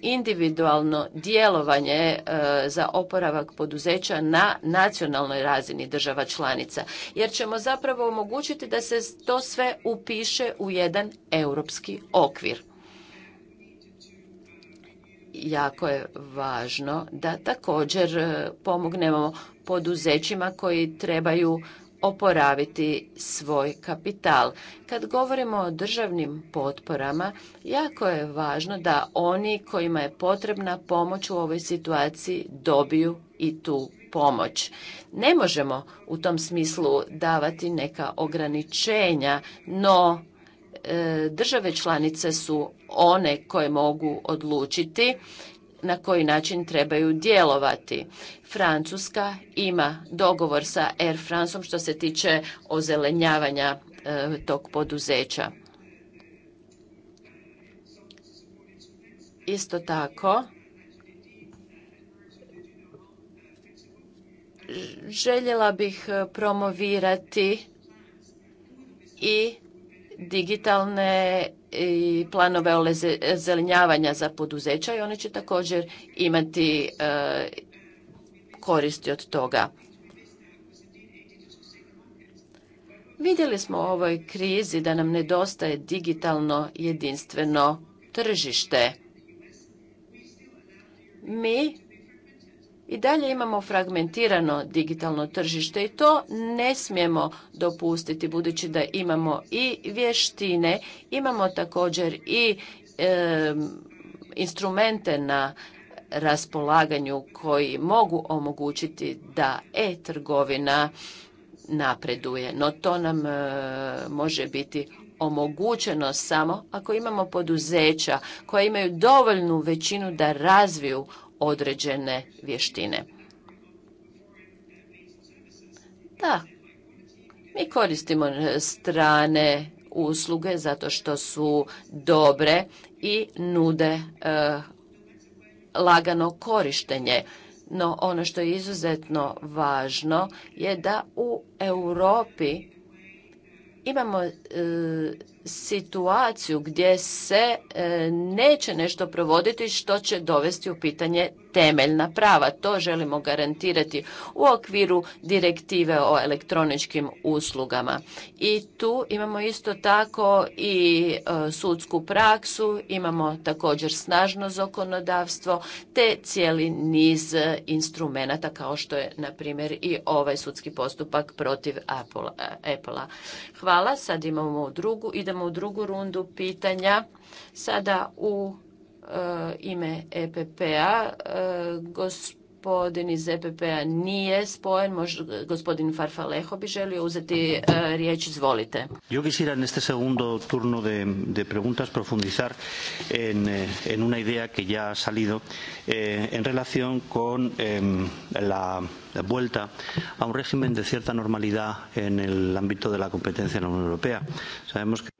individualno djelovanje e, za oporavak poduzeća na nacionalnoj razini država članica jer ćemo zapravo omogućiti da se to sve upiše u jedan europski okvir jako je važno da također e, pomognemo poduzećima koji trebaju oporaviti svoj kapital. Kad govorimo o državnim potporama, jako je važno da oni kojima je potrebna pomoć u ovoj situaciji dobiju i tu pomoć. Ne možemo u tom smislu davati neka ograničenja, no e, države članice su one koje mogu odlučiti na koji način trebaju djelovati. Francuska ima dogovor sa Air Franceom što se tiče ozelenjavanja e, tog poduzeća. Isto tako, željela bih e, promovirati i digitalne i planove zelenjavanja za poduzeća i one će također imati e, koristi od toga. Vidjeli smo u ovoj krizi da nam nedostaje digitalno jedinstveno tržište. Mi i dalje imamo fragmentirano digitalno tržište i to ne smijemo dopustiti budući da imamo i vještine, imamo također i instrumente na raspolaganju koji mogu omogućiti da e-trgovina napreduje. No to nam e, može biti omogućeno samo ako imamo poduzeća koja imaju dovoljnu većinu da razviju određene vještine. Da, mi koristimo strane usluge zato što su dobre i nude e, lagano korištenje. No ono što je izuzetno važno je da u Europi imamo e, situaciju gdje se e, neće nešto provoditi što će dovesti u pitanje temeljna prava. To želimo garantirati u okviru direktive o elektroničkim uslugama. I tu imamo isto tako i e, sudsku praksu, imamo također snažno zakonodavstvo te cijeli niz instrumenata kao što je na primjer i ovaj sudski postupak protiv Apple-a. Hvala, sad imamo drugu, idemo u drugu rundu pitanja. Sada u e, ime EPP-a, e, gospodin iz EPP-a nije spojen, gospodin Farfaleho bi želio uzeti e, riječ, izvolite. Yo quisiera en este segundo turno de, de preguntas profundizar en, eh, en una idea que ya ha salido eh, en relación con la vuelta a un régimen de cierta normalidad en el ámbito de la competencia en la Unión Europea. Sabemos que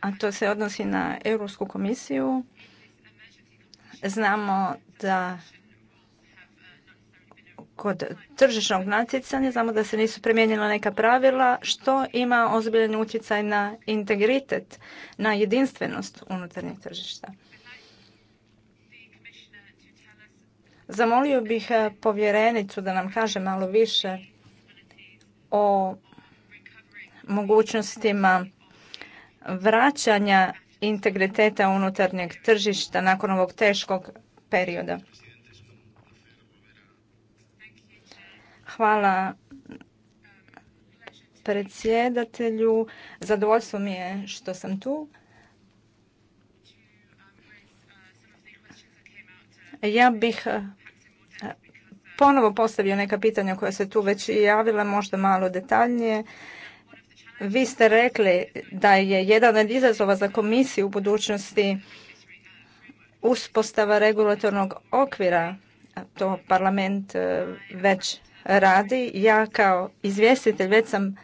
a to se odnosi na Europsku komisiju. Znamo da kod tržišnog natjecanja znamo da se nisu primijenila neka pravila što ima ozbiljan utjecaj na integritet, na jedinstvenost unutarnjeg tržišta. Zamolio bih eh, povjerenicu da nam kaže malo više o mogućnostima vraćanja integriteta unutarnjeg tržišta nakon ovog teškog perioda. Hvala predsjedatelju. Zadovoljstvo mi je što sam tu. Ja bih eh, ponovo postavio neka pitanja koja se tu već javila, možda malo detaljnije. Vi ste rekli da je jedan od izazova za komisiju u budućnosti uspostava regulatornog okvira, a to parlament e, već radi. Ja kao izvjestitelj već sam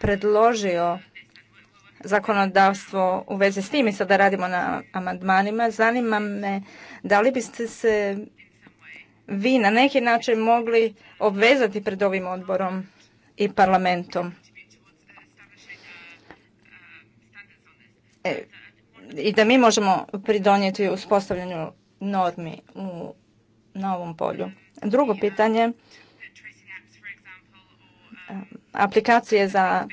predložio zakonodavstvo u vezi s tim i sada radimo na amandmanima. Zanima me da li biste se vi na neki način mogli obvezati pred ovim odborom i parlamentom. E, I da mi možemo pridonijeti uspostavljanju normi u, na ovom polju. Drugo pitanje, e, aplikacije za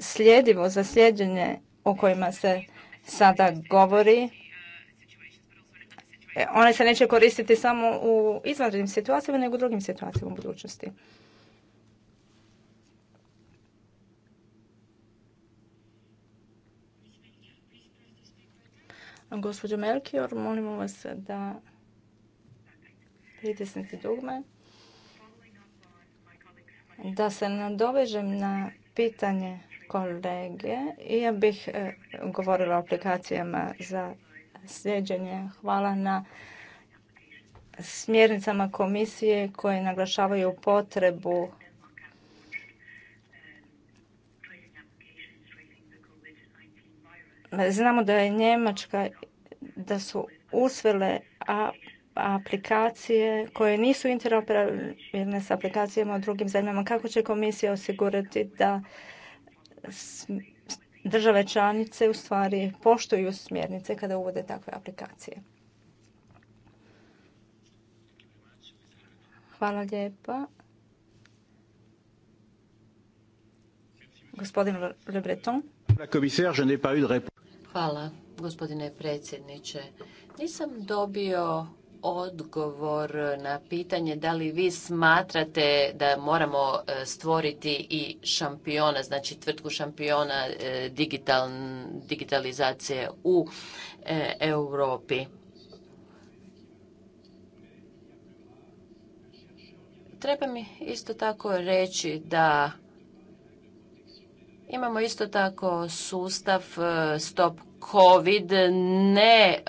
sljedivo, za sljeđenje o kojima se sada govori, e, one se neće koristiti samo u izvanrednim situacijama, nego u drugim situacijama u budućnosti. Gospođo Melkior, molimo vas da pritisnite dugme. Da se nadovežem na pitanje kolege, ja bih e, govorila o aplikacijama za sljeđenje. Hvala na smjernicama komisije koje naglašavaju potrebu Znamo da je Njemačka, da su usvele aplikacije koje nisu interoperabilne s aplikacijama u drugim zemljama. Kako će komisija osigurati da države članice u stvari poštuju smjernice kada uvode takve aplikacije? Hvala lijepa. Gospodin Le Breton. La je n'ai Hvala, gospodine predsjedniče. Nisam dobio odgovor na pitanje da li vi smatrate da moramo e, stvoriti i šampiona, znači tvrtku šampiona e, digitalizacije u e, Europi. Treba mi isto tako reći da Imamo isto tako sustav e, Stop COVID ne e,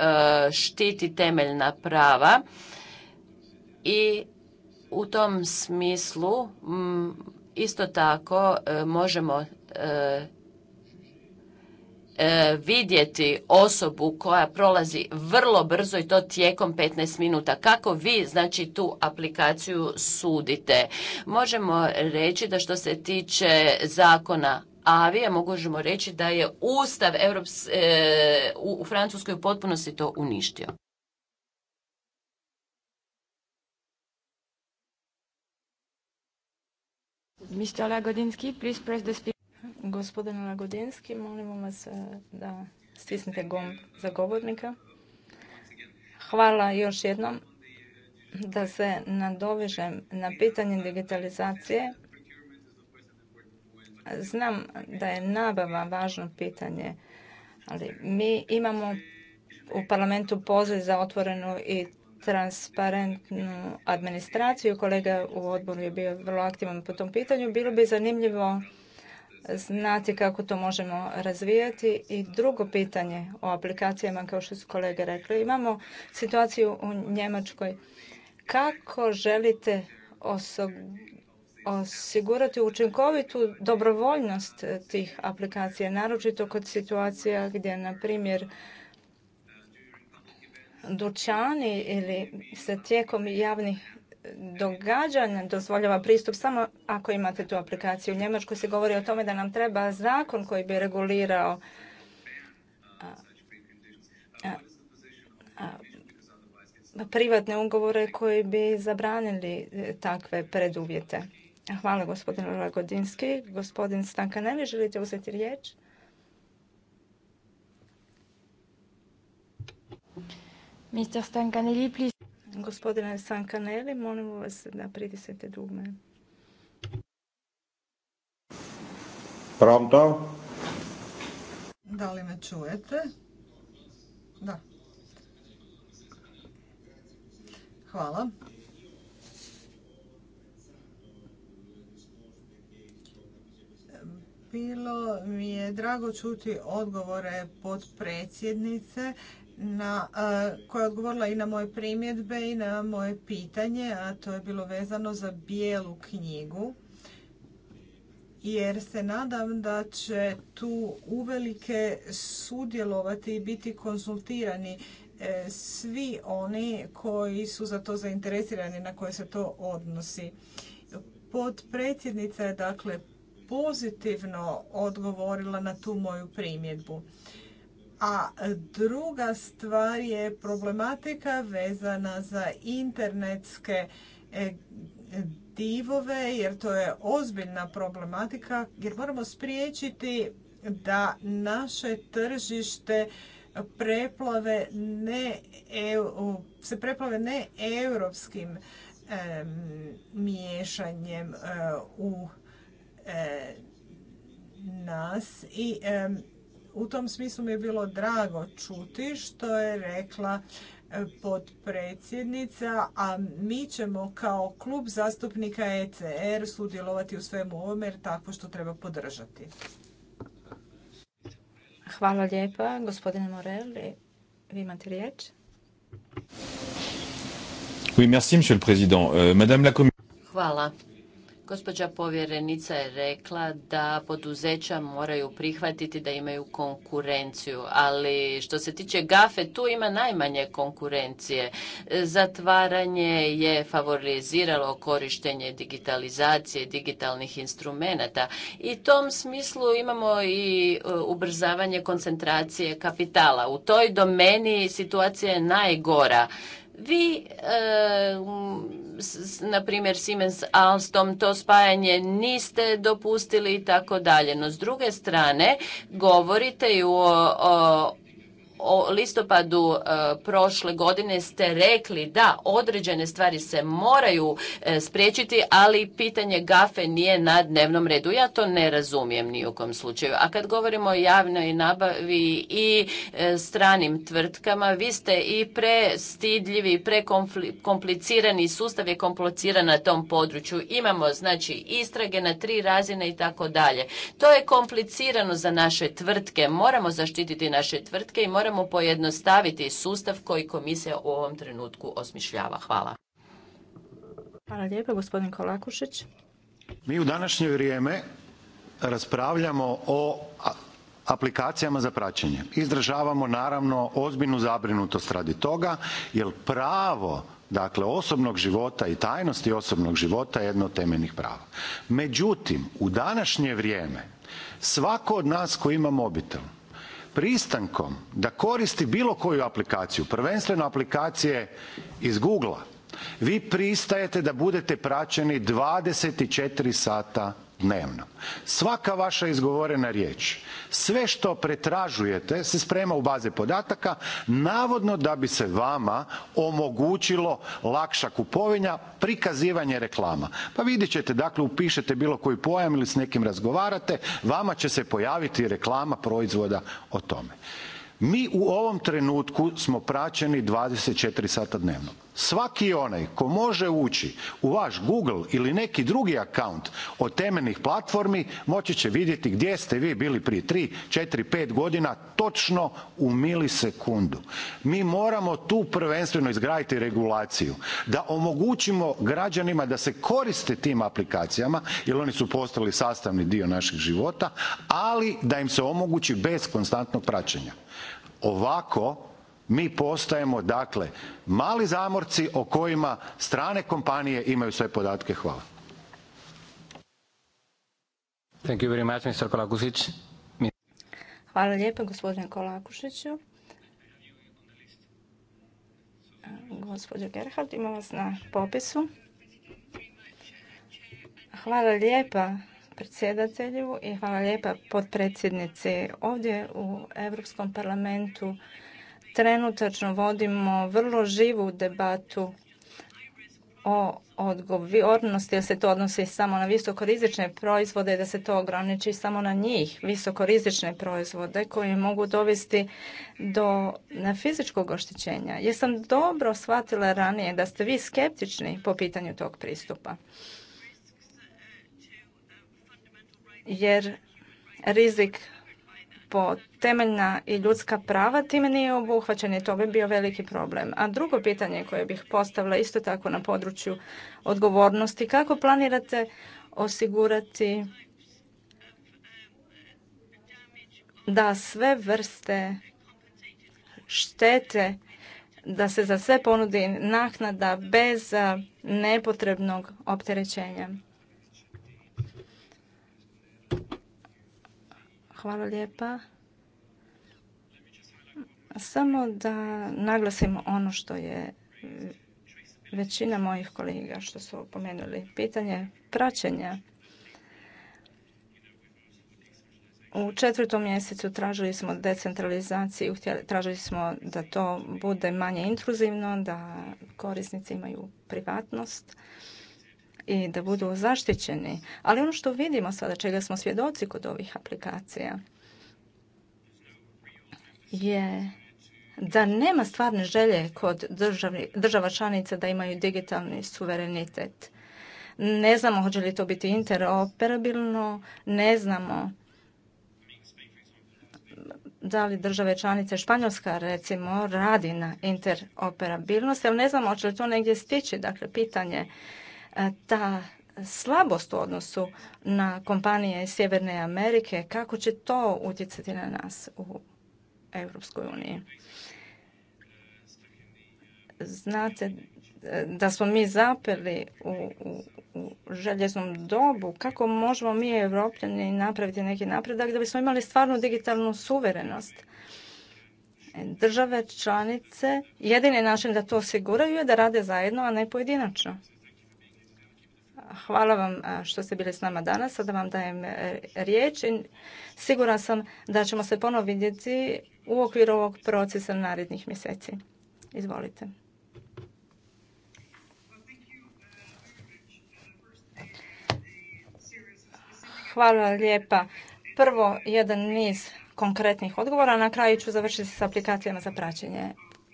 štiti temeljna prava i u tom smislu isto tako e, možemo vidjeti osobu koja prolazi vrlo brzo i to tijekom 15 minuta. Kako vi znači tu aplikaciju sudite? Možemo reći da što se tiče zakona avija, možemo reći da je Ustav Europs, e, u, Francuskoj u potpunosti to uništio. Mr. Lagodinski, please press the speaker. Gospodin molimo vas e, da stisnete. gomb za govornika. Hvala još jednom da se nadovežem na pitanje digitalizacije Znam da je nabava važno pitanje, ali mi imamo u parlamentu poziv za otvorenu i transparentnu administraciju. Kolega u odboru je bio vrlo aktivan po tom pitanju. Bilo bi zanimljivo znati kako to možemo razvijati. I drugo pitanje o aplikacijama, kao što su kolege rekli. Imamo situaciju u Njemačkoj. Kako želite osigurati učinkovitu dobrovoljnost e, tih aplikacija, naročito kod situacija gdje, na primjer, dućani ili se tijekom javnih događanja dozvoljava pristup samo ako imate tu aplikaciju. U Njemačkoj se govori o tome da nam treba zakon koji bi regulirao privatne ugovore koji bi zabranili e, takve preduvjete. Hvala gospodin Lagodinski. Gospodin mi želite uzeti riječ? Mr. Stankanelli, please. Gospodine Stankanelli, molim vas da pritisete dugme. Pronto? Da li me čujete? Da. Hvala. Bilo mi je drago čuti odgovore potpredsjednice koja je odgovorila i na moje primjedbe i na moje pitanje, a to je bilo vezano za bijelu knjigu. Jer se nadam da će tu uvelike sudjelovati i biti konsultirani e, svi oni koji su za to zainteresirani na koje se to odnosi. Podpredsjednica je dakle pozitivno odgovorila na tu moju primjedbu. A e, druga stvar je problematika vezana za internetske e, divove, jer to je ozbiljna problematika, jer moramo spriječiti da naše tržište preplave ne, se preplave ne europskim miješanjem e, u E, nas i e, u tom smislu mi je bilo drago čuti što je rekla e, potpredsjednica, a mi ćemo kao klub zastupnika ECR sudjelovati u svemu ovome jer tako što treba podržati. Hvala lijepa. Gospodine Morelli, vi imate riječ. Oui, euh, Hvala. Gospođa povjerenica je rekla da poduzeća moraju prihvatiti da imaju konkurenciju, ali što se tiče GAFE, tu ima najmanje konkurencije. Zatvaranje je favoriziralo korištenje digitalizacije, digitalnih instrumenata i tom smislu imamo i e, ubrzavanje koncentracije kapitala. U toj domeni situacija je najgora vi, eh, na primjer Siemens Alstom, to spajanje niste dopustili i tako dalje. No, s druge strane, govorite i o o listopadu e, prošle godine ste rekli da određene stvari se moraju e, spriječiti, ali pitanje gafe nije na dnevnom redu. Ja to ne razumijem ni u kom slučaju. A kad govorimo o javnoj nabavi i e, stranim tvrtkama, vi ste i prestidljivi, i prekomplicirani sustav je kompliciran na tom području. Imamo znači istrage na tri razine i tako dalje. To je komplicirano za naše tvrtke. Moramo zaštititi naše tvrtke i moramo moramo pojednostaviti sustav koji komisija u ovom trenutku osmišljava. Hvala. Hvala lijepa, gospodin Kolakušić. Mi u današnje vrijeme raspravljamo o aplikacijama za praćenje. Izražavamo naravno ozbiljnu zabrinutost radi toga, jer pravo dakle osobnog života i tajnosti osobnog života je jedno od temeljnih prava. Međutim, u današnje vrijeme svako od nas koji ima mobitel pristankom da koristi bilo koju aplikaciju, prvenstveno aplikacije iz Google-a, vi pristajete da budete praćeni 24 sata dnevno. Svaka vaša izgovorena riječ, sve što pretražujete se sprema u baze podataka navodno da bi se vama omogućilo lakša kupovinja, prikazivanje reklama. Pa vidjet ćete, dakle upišete bilo koji pojam ili s nekim razgovarate, vama će se pojaviti reklama proizvoda o tome. Mi u ovom trenutku smo praćeni 24 sata dnevno. Svaki onaj ko može ući u vaš Google ili neki drugi akaunt od temeljnih platformi moći će vidjeti gdje ste vi bili prije 3, 4, 5 godina točno u milisekundu. Mi moramo tu prvenstveno izgraditi regulaciju da omogućimo građanima da se koriste tim aplikacijama jer oni su postali sastavni dio našeg života, ali da im se omogući bez konstantnog praćenja. Ovako mi postajemo dakle mali zamorci o kojima strane kompanije imaju sve podatke. Hvala. Thank you very much, Mr. Kolakušić. Hvala lijepa gospodine Kolakušiću. Gospodin Gerhard, imam vas na popisu. Hvala lijepa predsjedatelju i hvala lijepa potpredsjednice Ovdje u Europskom parlamentu trenutačno vodimo vrlo živu debatu o odgovornosti, da se to odnosi samo na visokorizične proizvode i da se to ograniči samo na njih, visokorizične proizvode koji mogu dovesti do na fizičkog oštećenja. Jesam dobro shvatila ranije da ste vi skeptični po pitanju tog pristupa. Jer rizik po temeljna i ljudska prava time nije obuhvaćen i to bi bio veliki problem. A drugo pitanje koje bih postavila isto tako na području odgovornosti, kako planirate osigurati da sve vrste štete da se za sve ponudi naknada bez nepotrebnog opterećenja. Hvala lijepa. Samo da naglasim ono što je većina mojih kolega što su opomenuli. Pitanje praćenja. U četvrtom mjesecu tražili smo decentralizaciju, tražili smo da to bude manje intruzivno, da korisnici imaju privatnost i da budu zaštićeni. Ali ono što vidimo sada, čega smo svjedoci kod ovih aplikacija, je da nema stvarne želje kod državi, država članica da imaju digitalni suverenitet. Ne znamo hoće li to biti interoperabilno, ne znamo da li države članice Španjolska recimo radi na interoperabilnosti, ali ne znamo hoće li to negdje stići. Dakle, pitanje E, ta slabost u odnosu na kompanije Sjeverne Amerike, kako će to utjecati na nas u Europskoj uniji? Znate e, da smo mi zapeli u, željeznom dobu, kako možemo mi Evropljani napraviti neki napredak da bismo imali stvarnu digitalnu suverenost? E, države članice, jedini način da to osiguraju je da rade zajedno, a ne pojedinačno. Hvala vam što ste bili s nama danas. Sada vam dajem e, riječ. i Siguran sam da ćemo se ponovo vidjeti u okviru ovog procesa narednih mjeseci. Izvolite. Hvala lijepa. Prvo, jedan niz konkretnih odgovora. Na kraju ću završiti s aplikacijama za praćenje.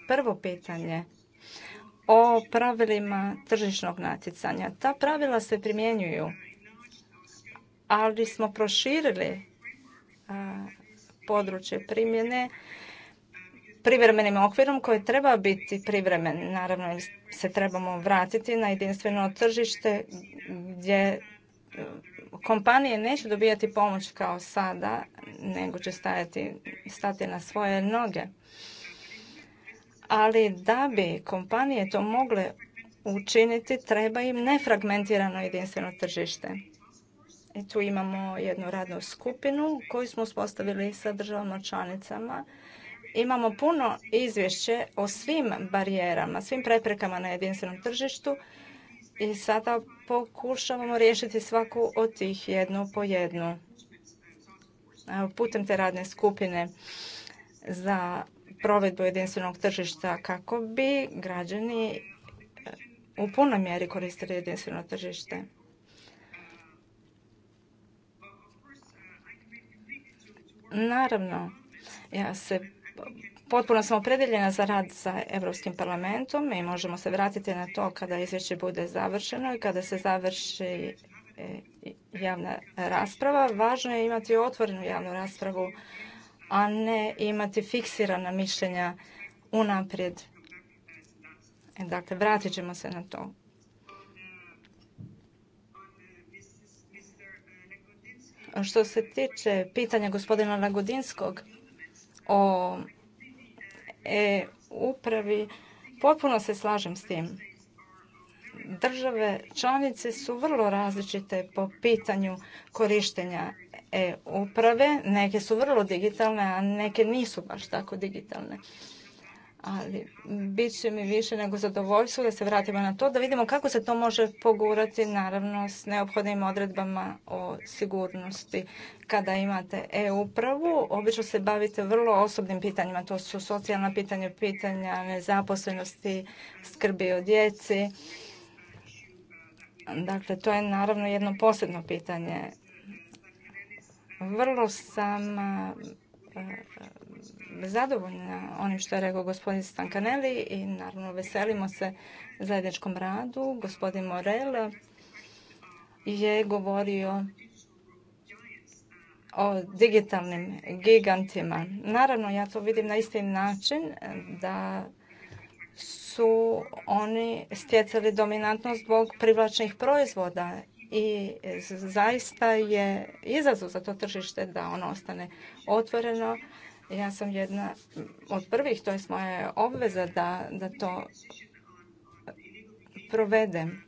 Prvo pitanje o pravilima tržišnog natjecanja. Ta pravila se primjenjuju, ali smo proširili područje primjene privremenim okvirom koji treba biti privremen. Naravno, se trebamo vratiti na jedinstveno tržište gdje e, kompanije neće dobijati pomoć kao sada, nego će stajati, stati na svoje noge ali da bi kompanije to mogle učiniti, treba im nefragmentirano jedinstveno tržište. I tu imamo jednu radnu skupinu koju smo uspostavili sa državama članicama. Imamo puno izvješće o svim barijerama, svim preprekama na jedinstvenom tržištu i sada pokušavamo riješiti svaku od tih jednu po jednu. Putem te radne skupine za provedbu jedinstvenog tržišta kako bi građani e, u punoj mjeri koristili jedinstveno tržište. Naravno, ja se potpuno sam opredeljena za rad sa Europskim parlamentom i možemo se vratiti na to kada izvješće bude završeno i kada se završi e, javna rasprava. Važno je imati otvorenu javnu raspravu a ne imati fiksirana mišljenja unaprijed. E, dakle, vratit ćemo se na to. Što se tiče pitanja gospodina Lagodinskog o e upravi, potpuno se slažem s tim. Države članice su vrlo različite po pitanju korištenja e-uprave. Neke su vrlo digitalne, a neke nisu baš tako digitalne. Ali bit će mi više nego zadovoljstvo da se vratimo na to, da vidimo kako se to može pogurati, naravno, s neophodnim odredbama o sigurnosti. Kada imate e-upravu, obično se bavite vrlo osobnim pitanjima. To su socijalna pitanja, pitanja nezaposlenosti, skrbi o djeci. Dakle, to je naravno jedno posebno pitanje vrlo sam eh, eh, zadovoljna onim što je rekao gospodin Stankaneli i naravno veselimo se zajedničkom radu. Gospodin Morel je govorio o digitalnim gigantima. Naravno, ja to vidim na isti način da su oni stjecali dominantnost zbog privlačnih proizvoda i e, zaista je izazov za to tržište da ono ostane otvoreno. Ja sam jedna od prvih, to je moja obveza da, da to provedem.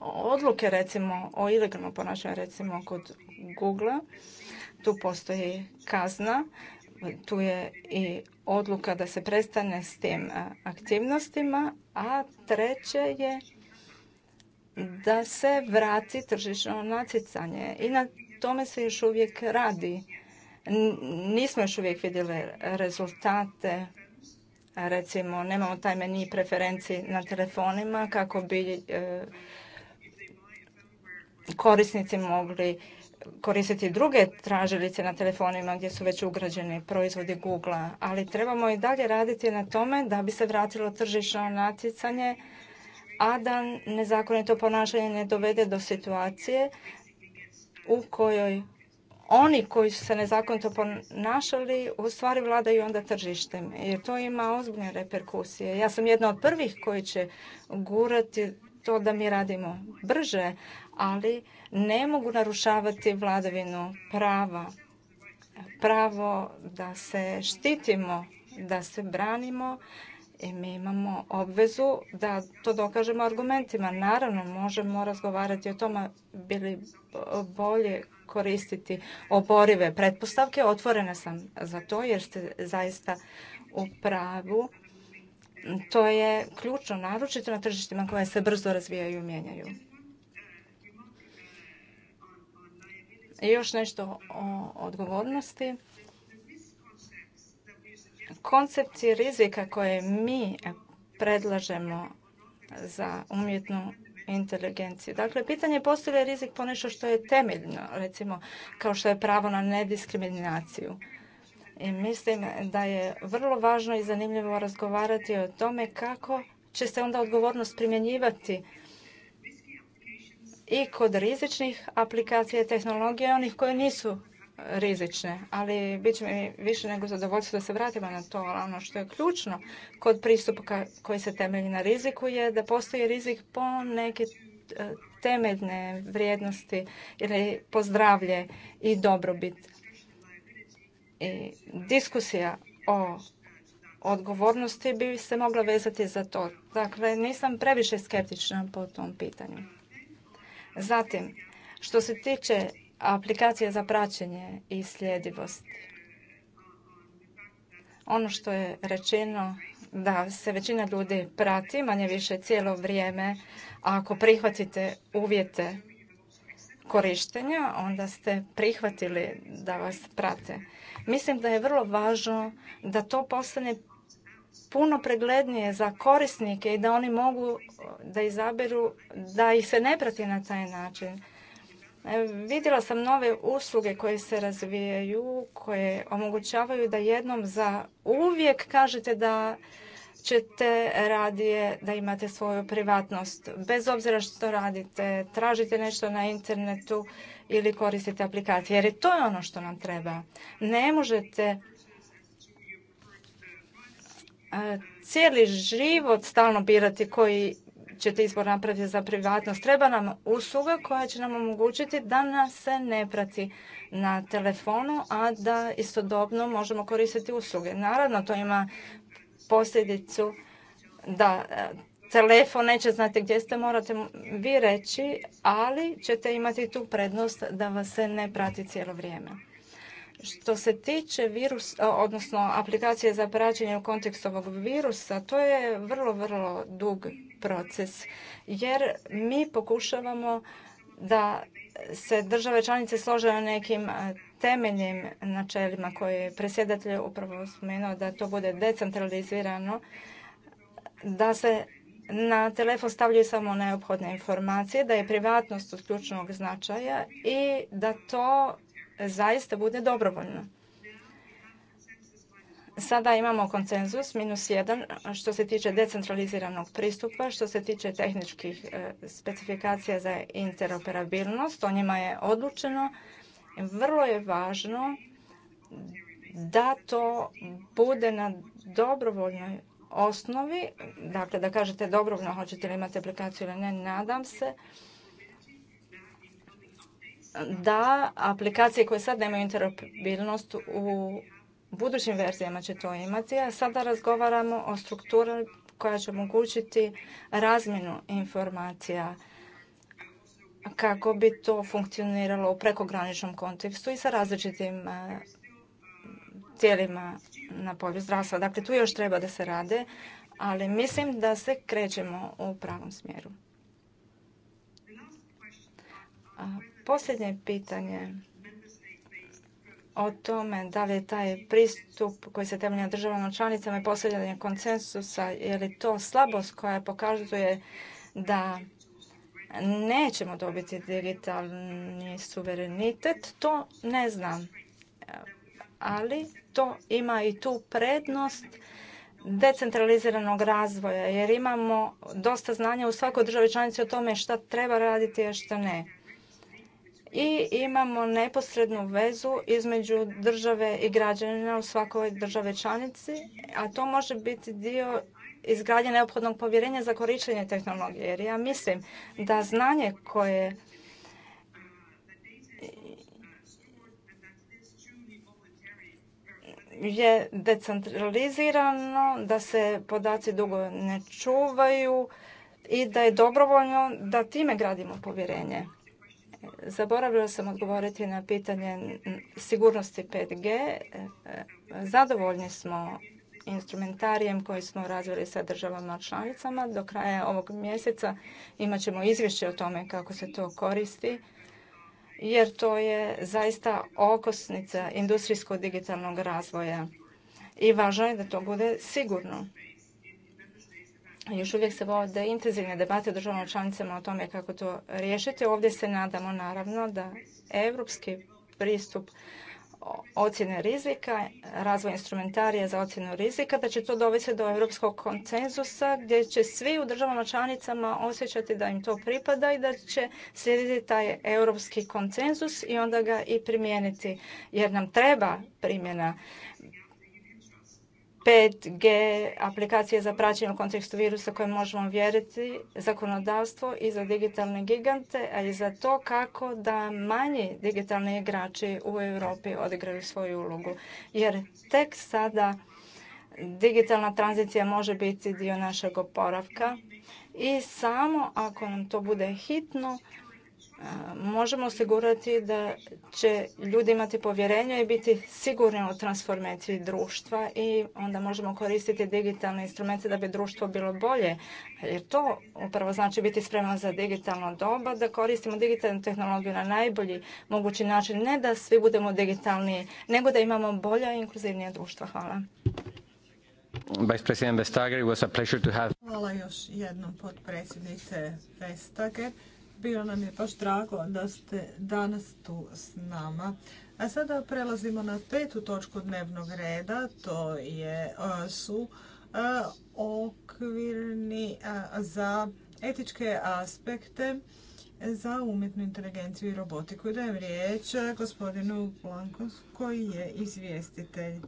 Odluke recimo o ilegalnom ponašanju recimo kod Google, tu postoji kazna, tu je i odluka da se prestane s tim aktivnostima, a treće je da se vrati tržišno natjecanje i na tome se još uvijek radi. Nismo još uvijek vidjeli rezultate recimo nemamo taj meni preferenci na telefonima kako bi e, korisnici mogli koristiti druge tražilice na telefonima gdje su već ugrađeni proizvodi Google-a, ali trebamo i dalje raditi na tome da bi se vratilo tržišno natjecanje a da nezakonito ponašanje ne dovede do situacije u kojoj oni koji su se nezakonito ponašali u stvari vladaju onda tržištem jer to ima ozbiljne reperkusije. Ja sam jedna od prvih koji će gurati to da mi radimo brže, ali ne mogu narušavati vladavinu prava. Pravo da se štitimo, da se branimo i mi imamo obvezu da to dokažemo argumentima. Naravno, možemo razgovarati o tome bili bolje koristiti oborive pretpostavke. Otvorena sam za to jer ste zaista u pravu. To je ključno, naročito na tržištima koje se brzo razvijaju i mijenjaju. I još nešto o odgovornosti koncepciji rizika koje mi predlažemo za umjetnu inteligenciju. Dakle, pitanje postoji li rizik nešto što je temeljno, recimo kao što je pravo na nediskriminaciju. I mislim da je vrlo važno i zanimljivo razgovarati o tome kako će se onda odgovornost primjenjivati i kod rizičnih aplikacija i tehnologija onih koje nisu rizične, ali bit će mi više nego zadovoljstvo da se vratimo na to, ono što je ključno kod pristupa koji se temelji na riziku je da postoji rizik po neke e, temeljne vrijednosti ili pozdravlje i dobrobit. I diskusija o odgovornosti bi se mogla vezati za to. Dakle, nisam previše skeptična po tom pitanju. Zatim, što se tiče aplikacija za praćenje i sljedivost. Ono što je rečeno da se većina ljudi prati manje više cijelo vrijeme, a ako prihvatite uvjete korištenja, onda ste prihvatili da vas prate. Mislim da je vrlo važno da to postane puno preglednije za korisnike i da oni mogu da izaberu da ih se ne prati na taj način. E, vidjela sam nove usluge koje se razvijaju, koje omogućavaju da jednom za uvijek kažete da ćete radije da imate svoju privatnost. Bez obzira što radite, tražite nešto na internetu ili koristite aplikacije. Jer to je ono što nam treba. Ne možete e, cijeli život stalno birati koji ćete izbor napraviti za privatnost. Treba nam usluga koja će nam omogućiti da nas se ne prati na telefonu, a da istodobno možemo koristiti usluge. Naravno, to ima posljedicu da e, telefon neće znati gdje ste, morate vi reći, ali ćete imati tu prednost da vas se ne prati cijelo vrijeme. Što se tiče virus, odnosno aplikacije za praćenje u kontekstu ovog virusa, to je vrlo, vrlo dug proces. Jer mi pokušavamo da se države članice slože na nekim temeljnim načelima koje je predsjedatelj upravo spomenuo da to bude decentralizirano, da se na telefon stavljaju samo neophodne informacije, da je privatnost od ključnog značaja i da to zaista bude dobrovoljno. Sada imamo konsenzus minus jedan što se tiče decentraliziranog pristupa, što se tiče tehničkih e, specifikacija za interoperabilnost. O njima je odlučeno. Vrlo je važno da to bude na dobrovoljnoj osnovi. Dakle, da kažete dobrovoljno hoćete li imati aplikaciju ili ne, nadam se da aplikacije koje sad nemaju interoperabilnost u budućim verzijama će to imati, a sada razgovaramo o strukturi koja će omogućiti razmjenu informacija kako bi to funkcioniralo u prekograničnom kontekstu i sa različitim e, tijelima na polju zdravstva. Dakle, tu još treba da se rade, ali mislim da se krećemo u pravom smjeru. Posljednje pitanje o tome da li je taj pristup koji se temelji na državama članicama i posljedanje konsensusa, je li to slabost koja pokazuje da nećemo dobiti digitalni suverenitet, to ne znam. Ali to ima i tu prednost decentraliziranog razvoja, jer imamo dosta znanja u svakoj državi članici o tome šta treba raditi, a šta ne i imamo neposrednu vezu između države i građanina u svakoj države članici, a to može biti dio izgradnje neophodnog povjerenja za korištenje tehnologije. Jer ja mislim da znanje koje je decentralizirano, da se podaci dugo ne čuvaju i da je dobrovoljno da time gradimo povjerenje. Zaboravila sam odgovoriti na pitanje sigurnosti 5G. E, zadovoljni smo instrumentarijem koji smo razvili sa državama članicama. Do kraja ovog mjeseca imat ćemo izvješće o tome kako se to koristi, jer to je zaista okosnica industrijsko-digitalnog razvoja i važno je da to bude sigurno još uvijek se vode intenzivne debate državama članicama o tome kako to riješiti. Ovdje se nadamo naravno da europski pristup ocjene rizika, razvoj instrumentarija za ocjenu rizika, da će to dovesti do europskog konsenzusa gdje će svi u državama članicama osjećati da im to pripada i da će slijediti taj europski konsenzus i onda ga i primijeniti jer nam treba primjena 5G, aplikacije za praćenje u kontekstu virusa koje možemo vjeriti, zakonodavstvo i za digitalne gigante, a i za to kako da manji digitalni igrači u Europi odigraju svoju ulogu. Jer tek sada digitalna tranzicija može biti dio našeg oporavka i samo ako nam to bude hitno, možemo osigurati da će ljudi imati povjerenje i biti sigurni u transformaciji društva i onda možemo koristiti digitalne instrumente da bi društvo bilo bolje. Jer to upravo znači biti spreman za digitalno doba, da koristimo digitalnu tehnologiju na najbolji mogući način, ne da svi budemo digitalni, nego da imamo bolja i inkluzivnija društva. Hvala. Hvala još jednom potpredsjednice Vestager. Bilo nam je baš drago da ste danas tu s nama. A sada prelazimo na petu točku dnevnog reda, to je su okvirni za etičke aspekte za umjetnu inteligenciju i robotiku. Dajem riječ gospodinu Blankos koji je izvjestitelj.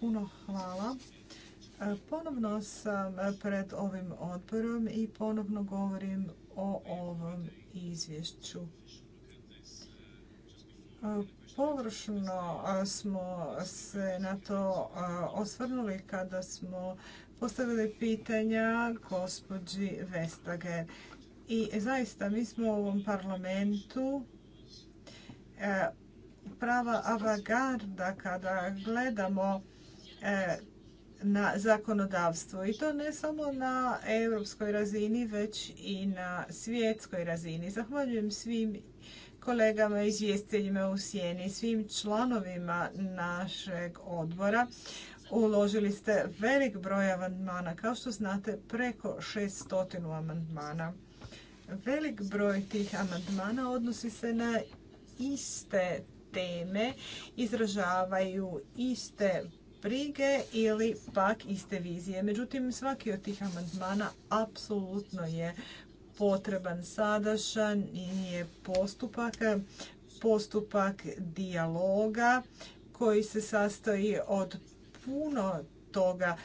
Puno hvala. Ponovno sam pred ovim odborom i ponovno govorim o ovom izvješću. Površno smo se na to osvrnuli kada smo postavili pitanja gospođi Vestager. I zaista mi smo u ovom parlamentu prava avagarda kada gledamo e, na zakonodavstvo i to ne samo na europskoj razini već i na svjetskoj razini. Zahvaljujem svim kolegama izvjestiteljima u sjeni, svim članovima našeg odbora. Uložili ste velik broj amandmana, kao što znate preko 600 amandmana. Velik broj tih amandmana odnosi se na iste teme, izražavaju iste brige ili pak iste vizije. Međutim, svaki od tih amandmana apsolutno je potreban sadašan i je postupak, postupak dijaloga koji se sastoji od puno toga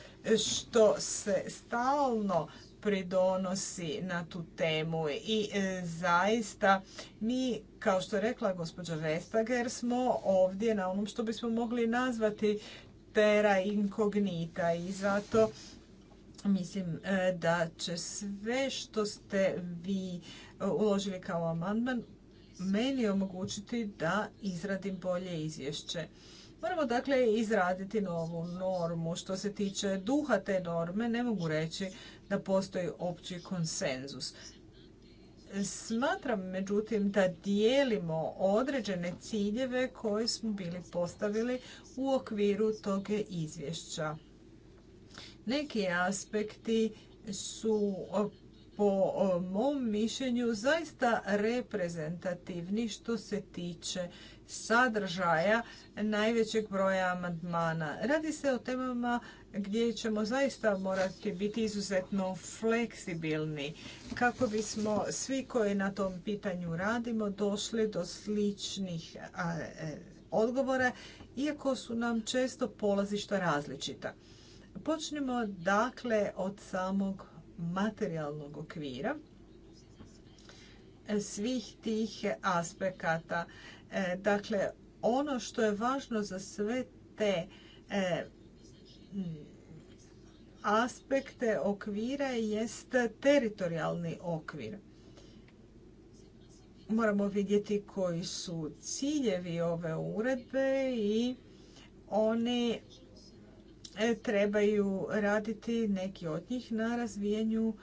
što se stalno pridonosi na tu temu i e, zaista mi, kao što je rekla gospođa Vestager, smo ovdje na onom što bismo mogli nazvati pera inkognita i zato mislim e, da će sve što ste vi e, uložili kao amandman meni omogućiti da izradim bolje izvješće. Moramo dakle izraditi novu normu. Što se tiče duha te norme, ne mogu reći da postoji opći konsenzus. Smatram međutim da dijelimo određene ciljeve koje smo bili postavili u okviru tog izvješća. Neki aspekti su po mom mišljenju zaista reprezentativni što se tiče sadržaja najvećeg broja amandmana. Radi se o temama gdje ćemo zaista morati biti izuzetno fleksibilni kako bismo svi koji na tom pitanju radimo došli do sličnih e, odgovora, iako su nam često polazišta različita. Počnimo dakle od samog materijalnog okvira e, svih tih aspekata. E, dakle, ono što je važno za sve te aspekte okvira jest teritorijalni okvir. Moramo vidjeti koji su ciljevi ove uredbe i oni e, trebaju raditi neki od njih na razvijenju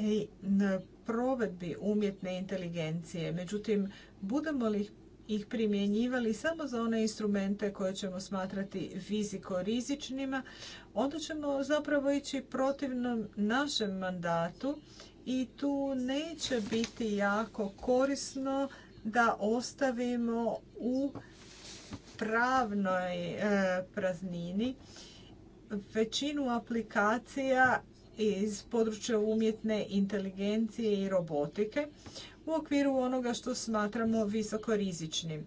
i na provedbi umjetne inteligencije. Međutim, budemo li ih primjenjivali samo za one instrumente koje ćemo smatrati fizikorizičnima, onda ćemo zapravo ići protivno našem mandatu i tu neće biti jako korisno da ostavimo u pravnoj e, praznini većinu aplikacija iz područja umjetne inteligencije i robotike u okviru onoga što smatramo visokorizičnim.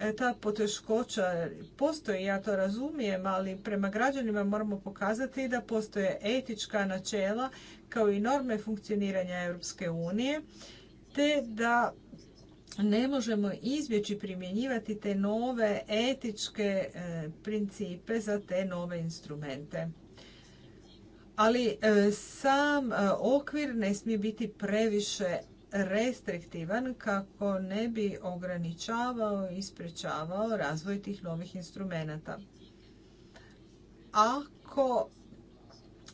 E, ta poteškoća postoji, ja to razumijem, ali prema građanima moramo pokazati da postoje etička načela kao i norme funkcioniranja Europske unije, te da ne možemo izbjeći primjenjivati te nove etičke e, principe za te nove instrumente. Ali e, sam okvir ne smije biti previše restriktivan kako ne bi ograničavao i sprečavao razvoj tih novih instrumenata. Ako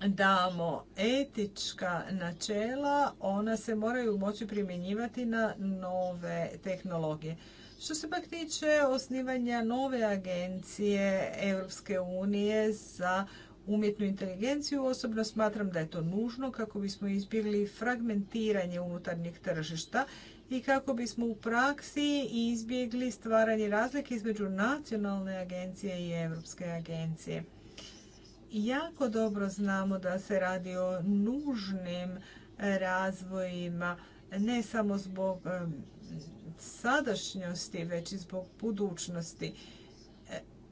damo etička načela, ona se moraju moći primjenjivati na nove tehnologije. Što se pak tiče osnivanja nove agencije Europske unije za umjetnu inteligenciju. Osobno smatram da je to nužno kako bismo izbjegli fragmentiranje unutarnjeg tržišta i kako bismo u praksi izbjegli stvaranje razlike između nacionalne agencije i europske agencije. Jako dobro znamo da se radi o nužnim eh, razvojima, ne samo zbog eh, sadašnjosti, već i zbog budućnosti.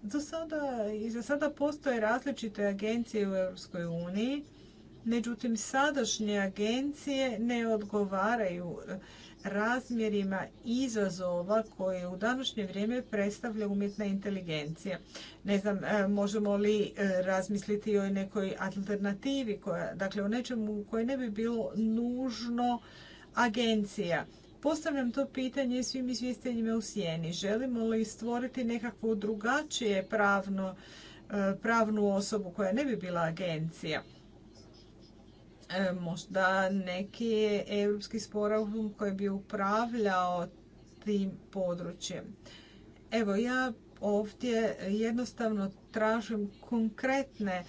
Do sada, I za sada postoje različite agencije u Europskoj uniji, međutim sadašnje agencije ne odgovaraju e, razmjerima izazova koje u današnje vrijeme predstavlja umjetna inteligencija. Ne znam, e, možemo li e, razmisliti o nekoj alternativi, koja, dakle o nečemu koje ne bi bilo nužno agencija. Postavljam to pitanje svim izvjestiteljima u sjeni. Želimo li stvoriti nekakvu drugačije e, pravnu osobu koja ne bi bila agencija? E, možda neki europski sporazum koji bi upravljao tim područjem. Evo ja ovdje jednostavno tražim konkretne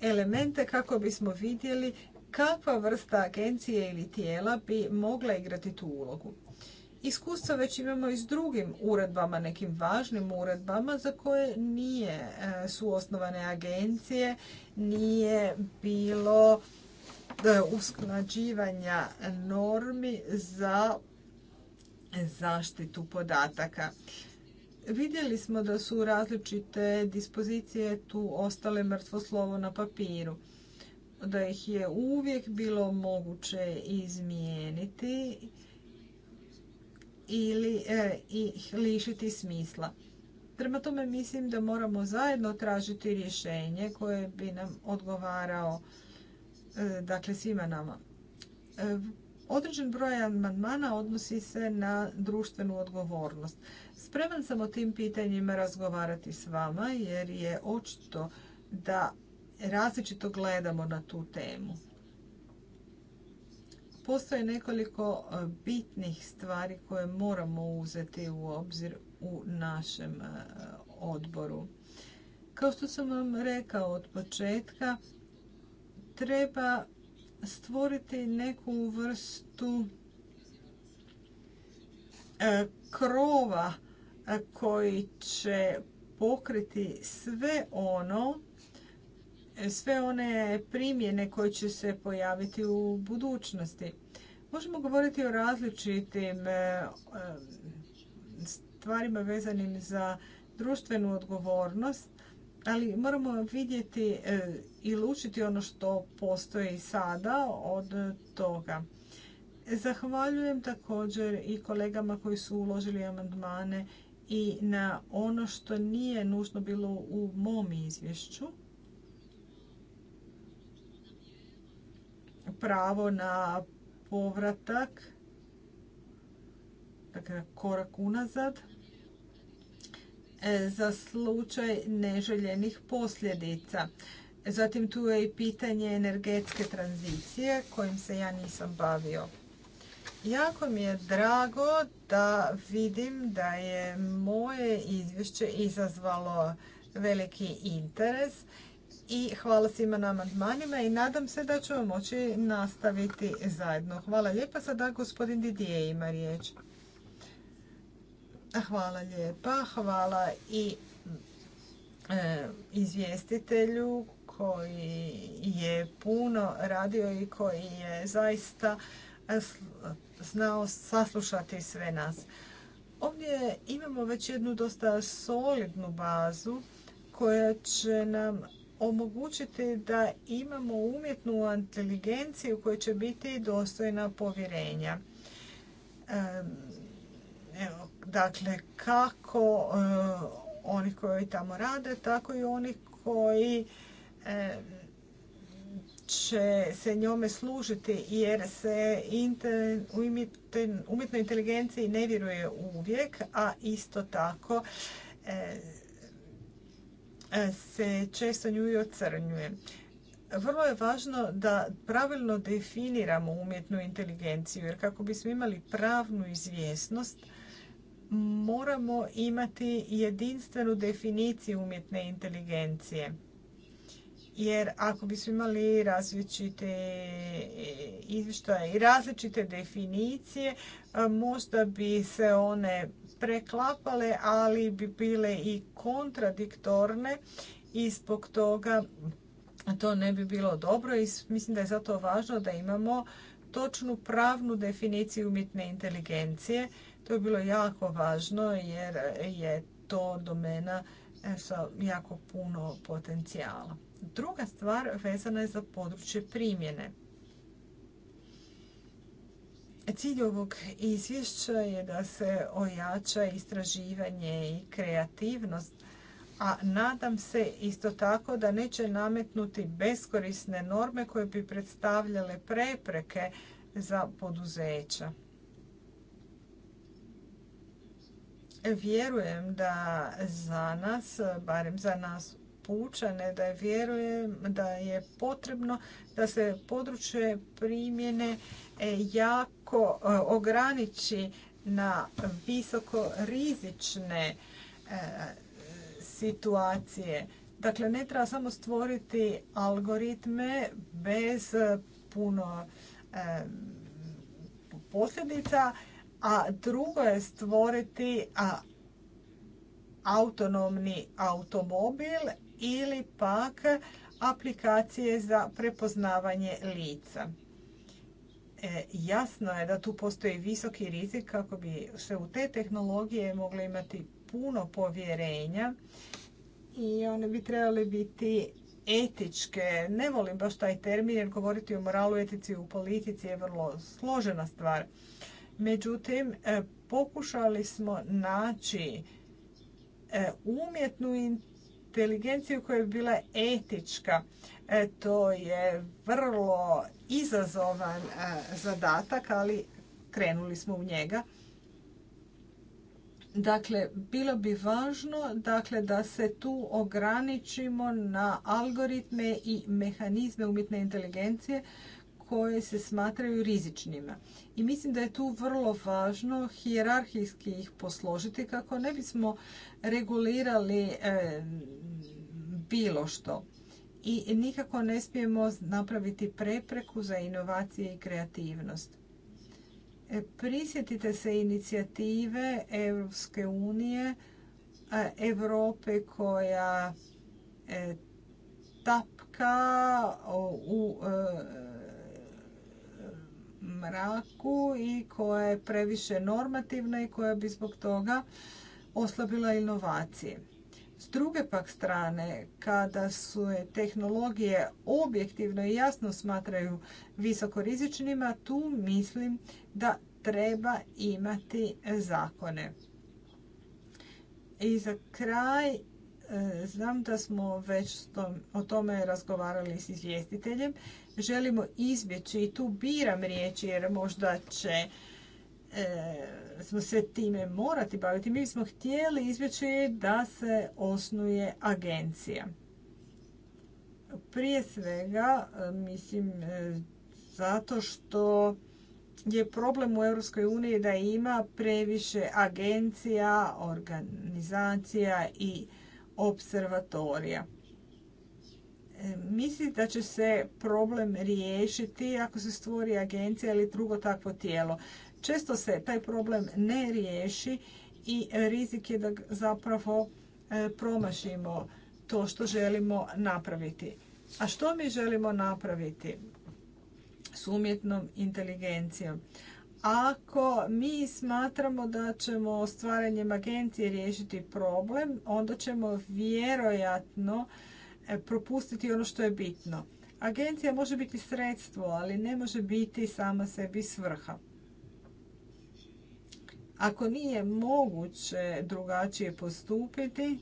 elemente kako bismo vidjeli kakva vrsta agencije ili tijela bi mogla igrati tu ulogu. Iskustva već imamo i s drugim uredbama, nekim važnim uredbama za koje nije e, su osnovane agencije, nije bilo e, usklađivanja normi za zaštitu podataka. Vidjeli smo da su različite dispozicije tu ostale mrtvo slovo na papiru. Da ih je uvijek bilo moguće izmijeniti ili e, ih lišiti smisla. Prema tome mislim da moramo zajedno tražiti rješenje koje bi nam odgovarao e, dakle svima nama. E, određen broj amandmana odnosi se na društvenu odgovornost. Spreman sam o tim pitanjima razgovarati s vama jer je očito da različito gledamo na tu temu. Postoje nekoliko e, bitnih stvari koje moramo uzeti u obzir u našem e, odboru. Kao što sam vam rekao od početka, treba stvoriti neku vrstu e, krova koji će pokriti sve ono sve one primjene koje će se pojaviti u budućnosti. Možemo govoriti o različitim e, e, stvarima vezanim za društvenu odgovornost, ali moramo vidjeti e, i lučiti ono što postoji sada od toga. Zahvaljujem također i kolegama koji su uložili amandmane i na ono što nije nužno bilo u mom izvješću. pravo na povratak, dakle, korak unazad, e, za slučaj neželjenih posljedica. Zatim tu je i pitanje energetske tranzicije kojim se ja nisam bavio. Jako mi je drago da vidim da je moje izvješće izazvalo veliki interes i hvala svima na amandmanima i nadam se da ćemo moći nastaviti zajedno. Hvala lijepa. Sada gospodin Didije ima riječ. Hvala lijepa. Hvala i e, izvjestitelju koji je puno radio i koji je zaista znao saslušati sve nas. Ovdje imamo već jednu dosta solidnu bazu koja će nam omogućiti da imamo umjetnu inteligenciju koja će biti dostojna povjerenja. Evo, dakle, kako eh, oni koji tamo rade, tako i oni koji će se njome služiti jer se u umjetnoj inteligenciji ne vjeruje uvijek, a isto tako eh, se često nju i ocrnjuje. Vrlo je važno da pravilno definiramo umjetnu inteligenciju, jer kako bismo imali pravnu izvjesnost, moramo imati jedinstvenu definiciju umjetne inteligencije. Jer ako bismo imali različite e, izvještaje i različite definicije, e, možda bi se one preklapale, ali bi bile i kontradiktorne i zbog toga to ne bi bilo dobro i mislim da je zato važno da imamo točnu pravnu definiciju umjetne inteligencije. To je bilo jako važno jer je to domena e, sa jako puno potencijala. Druga stvar vezana je za područje primjene. E, cilj ovog izvješća je da se ojača istraživanje i kreativnost, a nadam se isto tako da neće nametnuti beskorisne norme koje bi predstavljale prepreke za poduzeća. Vjerujem da za nas, barem za nas pučane da je vjerujem da je potrebno da se područje primjene e, jako e, ograniči na visoko rizične e, situacije. Dakle, ne treba samo stvoriti algoritme bez puno posljedica, a drugo je stvoriti autonomni automobil ili pak aplikacije za prepoznavanje lica. E, jasno je da tu postoji visoki rizik kako bi se u te tehnologije mogle imati puno povjerenja i one bi trebale biti etičke. Ne volim baš taj termin jer govoriti o moralu, etici u politici je vrlo složena stvar. Međutim, e, pokušali smo naći e, umjetnu inteligenciju koja je bila etička. E, to je vrlo izazovan e, zadatak, ali krenuli smo u njega. Dakle, bilo bi važno dakle, da se tu ograničimo na algoritme i mehanizme umjetne inteligencije koje se smatraju rizičnima. I mislim da je tu vrlo važno hijerarhijski ih posložiti kako ne bismo regulirali e, bilo što. I nikako ne smijemo napraviti prepreku za inovacije i kreativnost. E, prisjetite se inicijative Europske unije, e, Europe koja tapka u mraku i koja je previše normativna i koja bi zbog toga oslabila inovacije. S druge pak strane, kada su tehnologije objektivno i jasno smatraju visokorizičnima, tu mislim da treba imati zakone. I za kraj, e, znam da smo već o tome razgovarali s izvjestiteljem, želimo izbjeći. I tu biram riječi jer možda će e, smo se time morati baviti. Mi smo htjeli izbjeći da se osnuje agencija. Prije svega, e, mislim, e, zato što je problem u Europskoj da ima previše agencija, organizacija i observatorija. E, misli da će se problem riješiti ako se stvori agencija ili drugo takvo tijelo. Često se taj problem ne riješi i rizik je da zapravo e, promašimo to što želimo napraviti. A što mi želimo napraviti s umjetnom inteligencijom? Ako mi smatramo da ćemo stvaranjem agencije riješiti problem, onda ćemo vjerojatno E, propustiti ono što je bitno. Agencija može biti sredstvo, ali ne može biti sama sebi svrha. Ako nije moguće drugačije postupiti,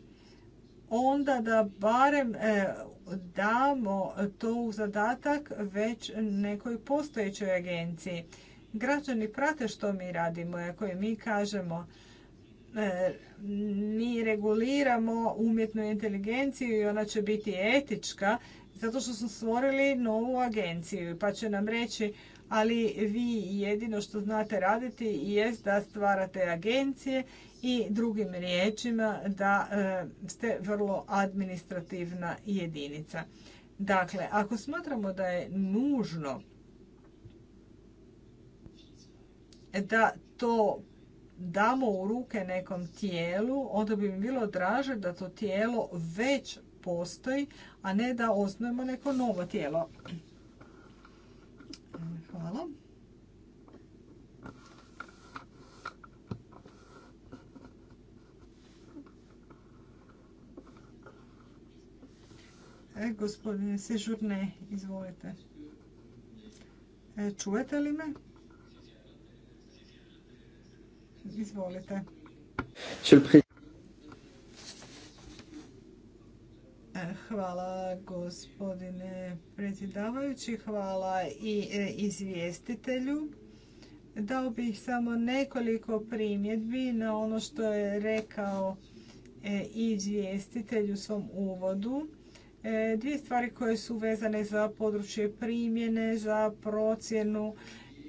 onda da barem e, damo to u zadatak već nekoj postojećoj agenciji. Građani prate što mi radimo, ako je mi kažemo E, mi reguliramo umjetnu inteligenciju i ona će biti etička zato što smo stvorili novu agenciju pa će nam reći ali vi jedino što znate raditi jest da stvarate agencije i drugim riječima da e, ste vrlo administrativna jedinica. Dakle, ako smatramo da je nužno da to damo u ruke nekom tijelu, onda bi mi bilo draže da to tijelo već postoji, a ne da osnujemo neko novo tijelo. Hvala. E, gospodine Sežurne, izvolite. E, čujete li me? Izvolite. Hvala gospodine predsjedavajući, hvala i e, izvjestitelju. Dao bih samo nekoliko primjedbi na ono što je rekao e, izvjestitelj u svom uvodu. E, dvije stvari koje su vezane za područje primjene, za procjenu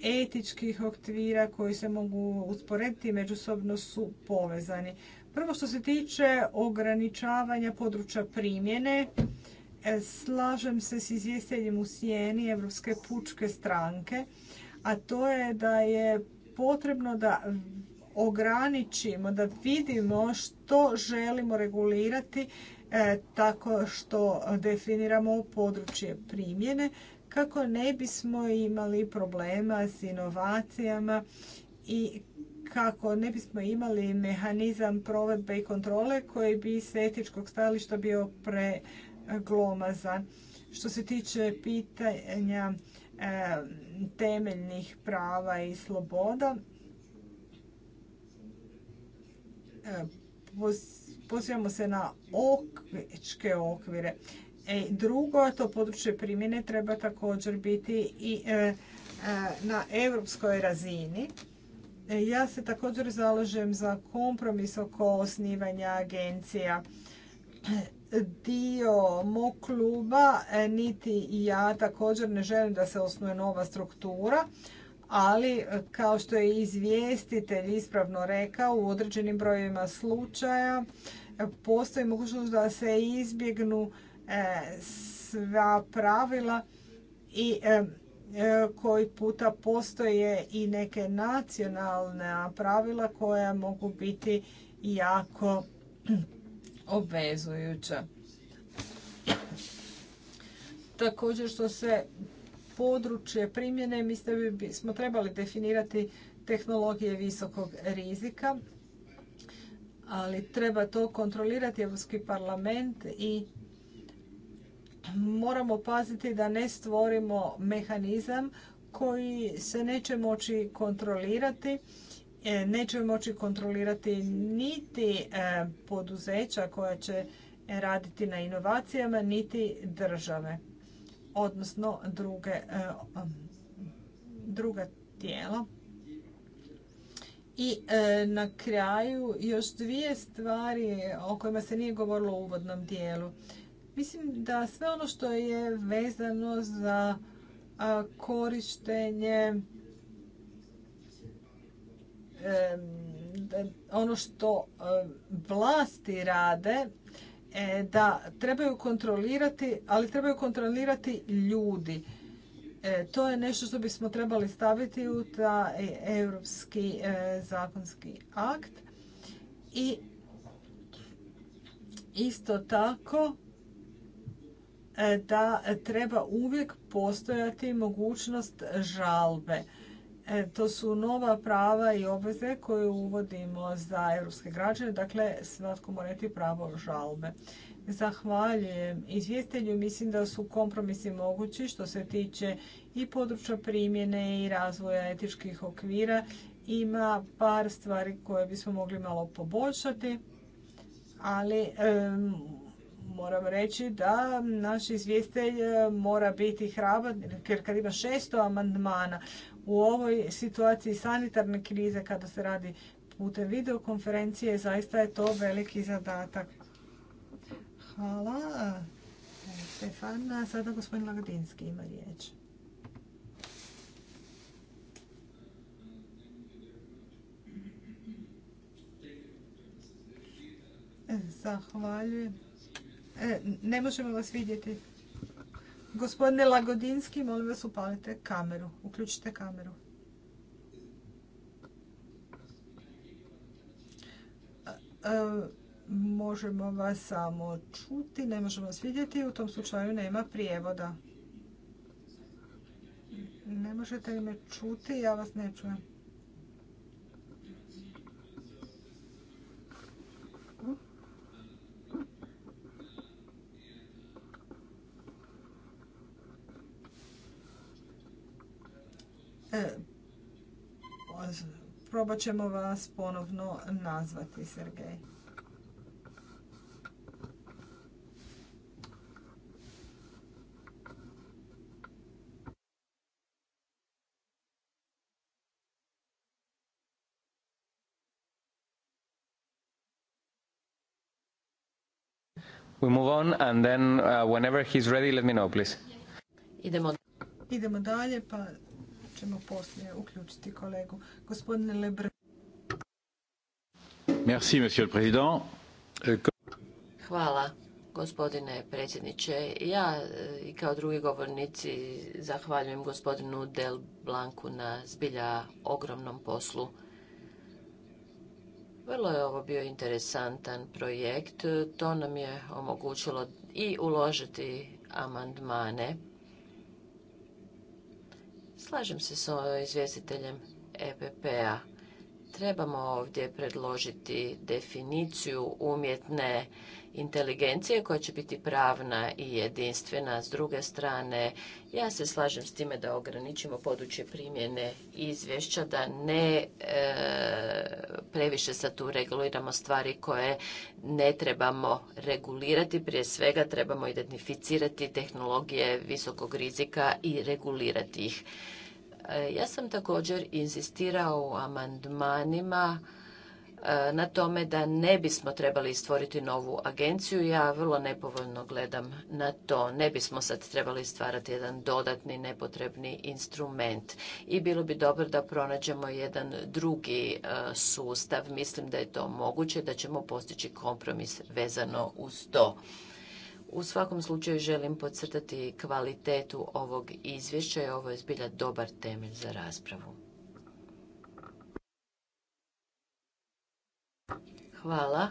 etičkih okvira koji se mogu usporediti i međusobno su povezani. Prvo što se tiče ograničavanja područja primjene, e, slažem se s izvjestiteljem u sjeni Europske pučke stranke, a to je da je potrebno da ograničimo, da vidimo što želimo regulirati e, tako što definiramo područje primjene kako ne bismo imali problema s inovacijama i kako ne bismo imali mehanizam provedbe i kontrole koji bi s etičkog stajališta bio preglomazan. Što se tiče pitanja e, temeljnih prava i sloboda, e, pozivamo se na okvičke okvire e drugo, to područje primjene treba također biti i e, e, na europskoj razini. E, ja se također zalažem za kompromis oko osnivanja agencija. Dio mog kluba, niti ja također ne želim da se osnuje nova struktura, ali kao što je izvjestitelj ispravno rekao, u određenim brojevima slučaja postoji mogućnost da se izbjegnu E, sva pravila i e, e, koji puta postoje i neke nacionalne pravila koja mogu biti jako (clears throat) obvezujuća. Također što se područje primjene, mislim da bismo trebali definirati tehnologije visokog rizika, ali treba to kontrolirati Evropski parlament i moramo paziti da ne stvorimo mehanizam koji se neće moći kontrolirati e, neće moći kontrolirati niti e, poduzeća koja će raditi na inovacijama, niti države, odnosno druge, e, druga tijela. I na kraju još dvije stvari o kojima se nije govorilo u uvodnom dijelu. Mislim da sve ono što je vezano za korištenje ono što vlasti rade, e, da trebaju kontrolirati, ali trebaju kontrolirati ljudi. E, to je nešto što bismo trebali staviti u ta e, europski zakonski akt. I isto tako da treba uvijek postojati mogućnost žalbe. E, to su nova prava i obveze koje uvodimo za europske građane, dakle svatko mora imati pravo žalbe. Zahvaljujem izvjestelju. Mislim da su kompromisi mogući što se tiče i područja primjene i razvoja etičkih okvira. Ima par stvari koje bismo mogli malo poboljšati, ali moram reći da naš izvjestelj e, mora biti hrabar, jer kad ima 600 amandmana u ovoj situaciji sanitarne krize kada se radi putem videokonferencije, zaista je to veliki zadatak. Hvala. Stefana, sada gospodin Lagodinski ima riječ. Zahvaljujem. E, ne možemo vas vidjeti. Gospodine Lagodinski, molim vas upalite kameru. Uključite kameru. E, možemo vas samo čuti, ne možemo vas vidjeti. U tom slučaju nema prijevoda. Ne možete li me čuti, ja vas ne čujem. E, probat ćemo vas ponovno nazvati, Sergej. We move on and then uh, whenever he's ready, let me know, please. Idemo. Idemo dalje, pa ćemo poslije uključiti kolegu. Gospodine Merci, monsieur le président. Hvala, gospodine predsjedniče. Ja e, i kao drugi govornici zahvaljujem gospodinu Del Blanku na zbilja ogromnom poslu. Vrlo je ovo bio interesantan projekt. To nam je omogućilo i uložiti amandmane Slažem se s izvjestiteljem EPP-a. Trebamo ovdje predložiti definiciju umjetne inteligencije koja će biti pravna i jedinstvena. S druge strane, ja se slažem s time da ograničimo područje primjene izvješća, da ne e, previše sad tu reguliramo stvari koje ne trebamo regulirati. Prije svega trebamo identificirati tehnologije visokog rizika i regulirati ih. E, ja sam također inzistirao u amandmanima E, na tome da ne bismo trebali stvoriti novu agenciju. Ja vrlo nepovoljno gledam na to. Ne bismo sad trebali stvarati jedan dodatni nepotrebni instrument. I bilo bi dobro da pronađemo jedan drugi e, sustav. Mislim da je to moguće, da ćemo postići kompromis vezano uz to. U svakom slučaju želim podcrtati kvalitetu ovog izvješća i ovo je zbilja dobar temelj za raspravu. Hvala.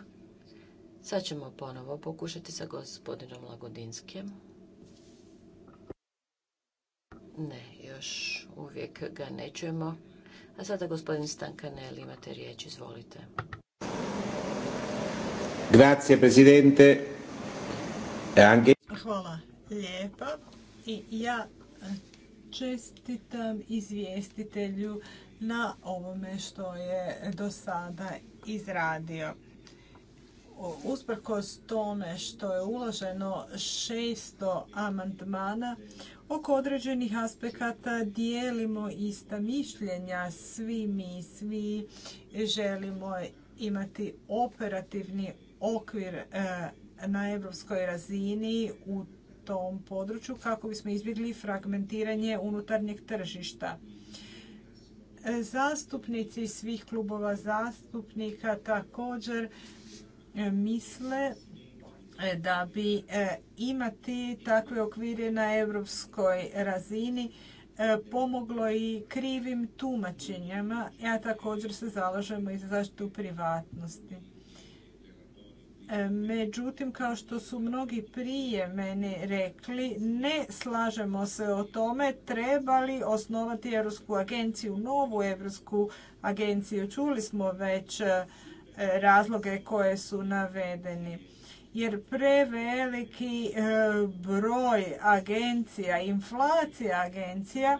Sad ćemo ponovo pokušati sa gospodinom Lagodinskim. Ne, još uvijek ga ne čujemo. A sada gospodin Stankanel, imate riječ, izvolite. Grazie, presidente. E Hvala lijepa. I ja eh, čestitam izvjestitelju na ovome što je do sada izradio. Usprkos tome što je uloženo 600 amandmana, oko određenih aspekata dijelimo ista mišljenja. Svi mi, svi želimo imati operativni okvir e, na evropskoj razini u tom području kako bismo izbjegli fragmentiranje unutarnjeg tržišta. Zastupnici svih klubova zastupnika također e, misle e, da bi e, imati takve okvire na europskoj razini pomoglo i krivim tumačenjima, a također se zalažemo i za zaštitu privatnosti. Međutim, kao što su mnogi prije meni rekli, ne slažemo se o tome treba li osnovati Europsku agenciju, novu Europsku agenciju. Čuli smo već e, razloge koje su navedeni. Jer preveliki e, broj agencija, inflacija agencija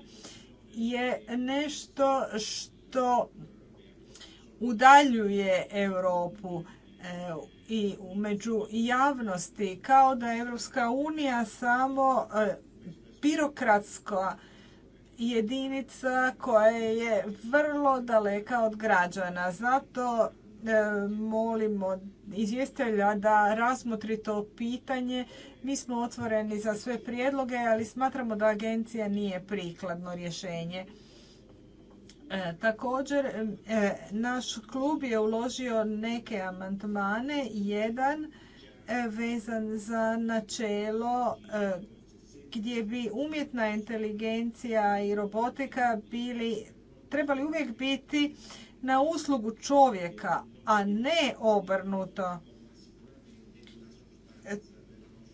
je nešto što udaljuje Europu e, i među javnosti kao da je Europska unija samo e, birokratska jedinica koja je vrlo daleka od građana. Zato e, molimo izvjestelja da razmotri to pitanje. Mi smo otvoreni za sve prijedloge, ali smatramo da agencija nije prikladno rješenje. E, također, e, e, naš klub je uložio neke amandmane. Jedan vezan za načelo gdje bi umjetna inteligencija i robotika bili, trebali uvijek biti na uslugu čovjeka, a ne obrnuto.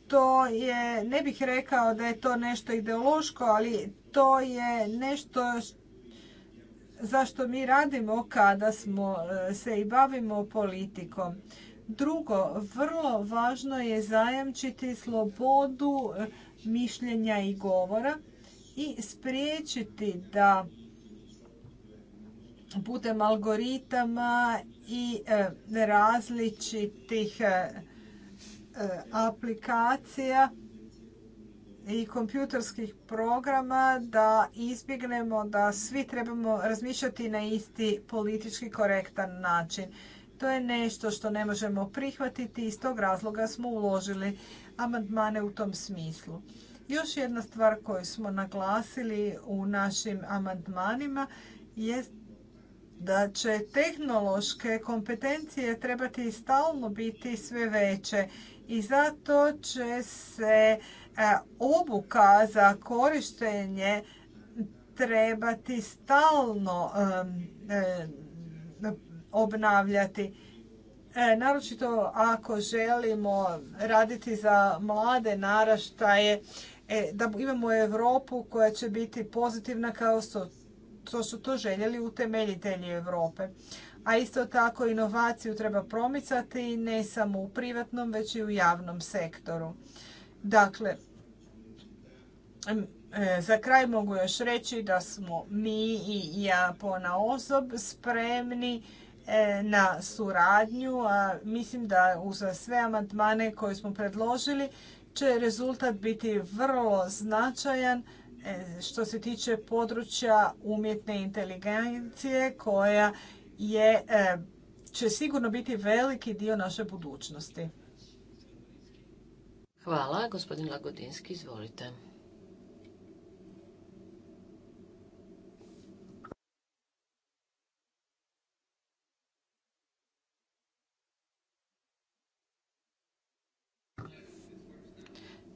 To je, ne bih rekao da je to nešto ideološko, ali to je nešto zašto mi radimo kada smo e, se i bavimo politikom. Drugo, vrlo važno je zajamčiti slobodu e, mišljenja i govora i spriječiti da putem algoritama i e, različitih aplikacija i kompjuterskih programa da izbjegnemo da svi trebamo razmišljati na isti politički korektan način. To je nešto što ne možemo prihvatiti i iz tog razloga smo uložili amandmane u tom smislu. Još jedna stvar koju smo naglasili u našim amandmanima je da će tehnološke kompetencije trebati stalno biti sve veće i zato će se E, obuka za korištenje trebati stalno obnavljati. E, naročito ako želimo raditi za mlade naraštaje, e, da imamo Europu koja će biti pozitivna kao što su to željeli utemeljitelji Europe. A isto tako inovaciju treba promicati ne samo u privatnom, već i u javnom sektoru. Dakle, e, za kraj mogu još reći da smo mi i ja pona osob spremni e, na suradnju, a mislim da uz sve amandmane koje smo predložili će rezultat biti vrlo značajan e, što se tiče područja umjetne inteligencije koja je, će sigurno biti veliki dio naše budućnosti. Hvala. Gospodin Lagodinski, izvolite.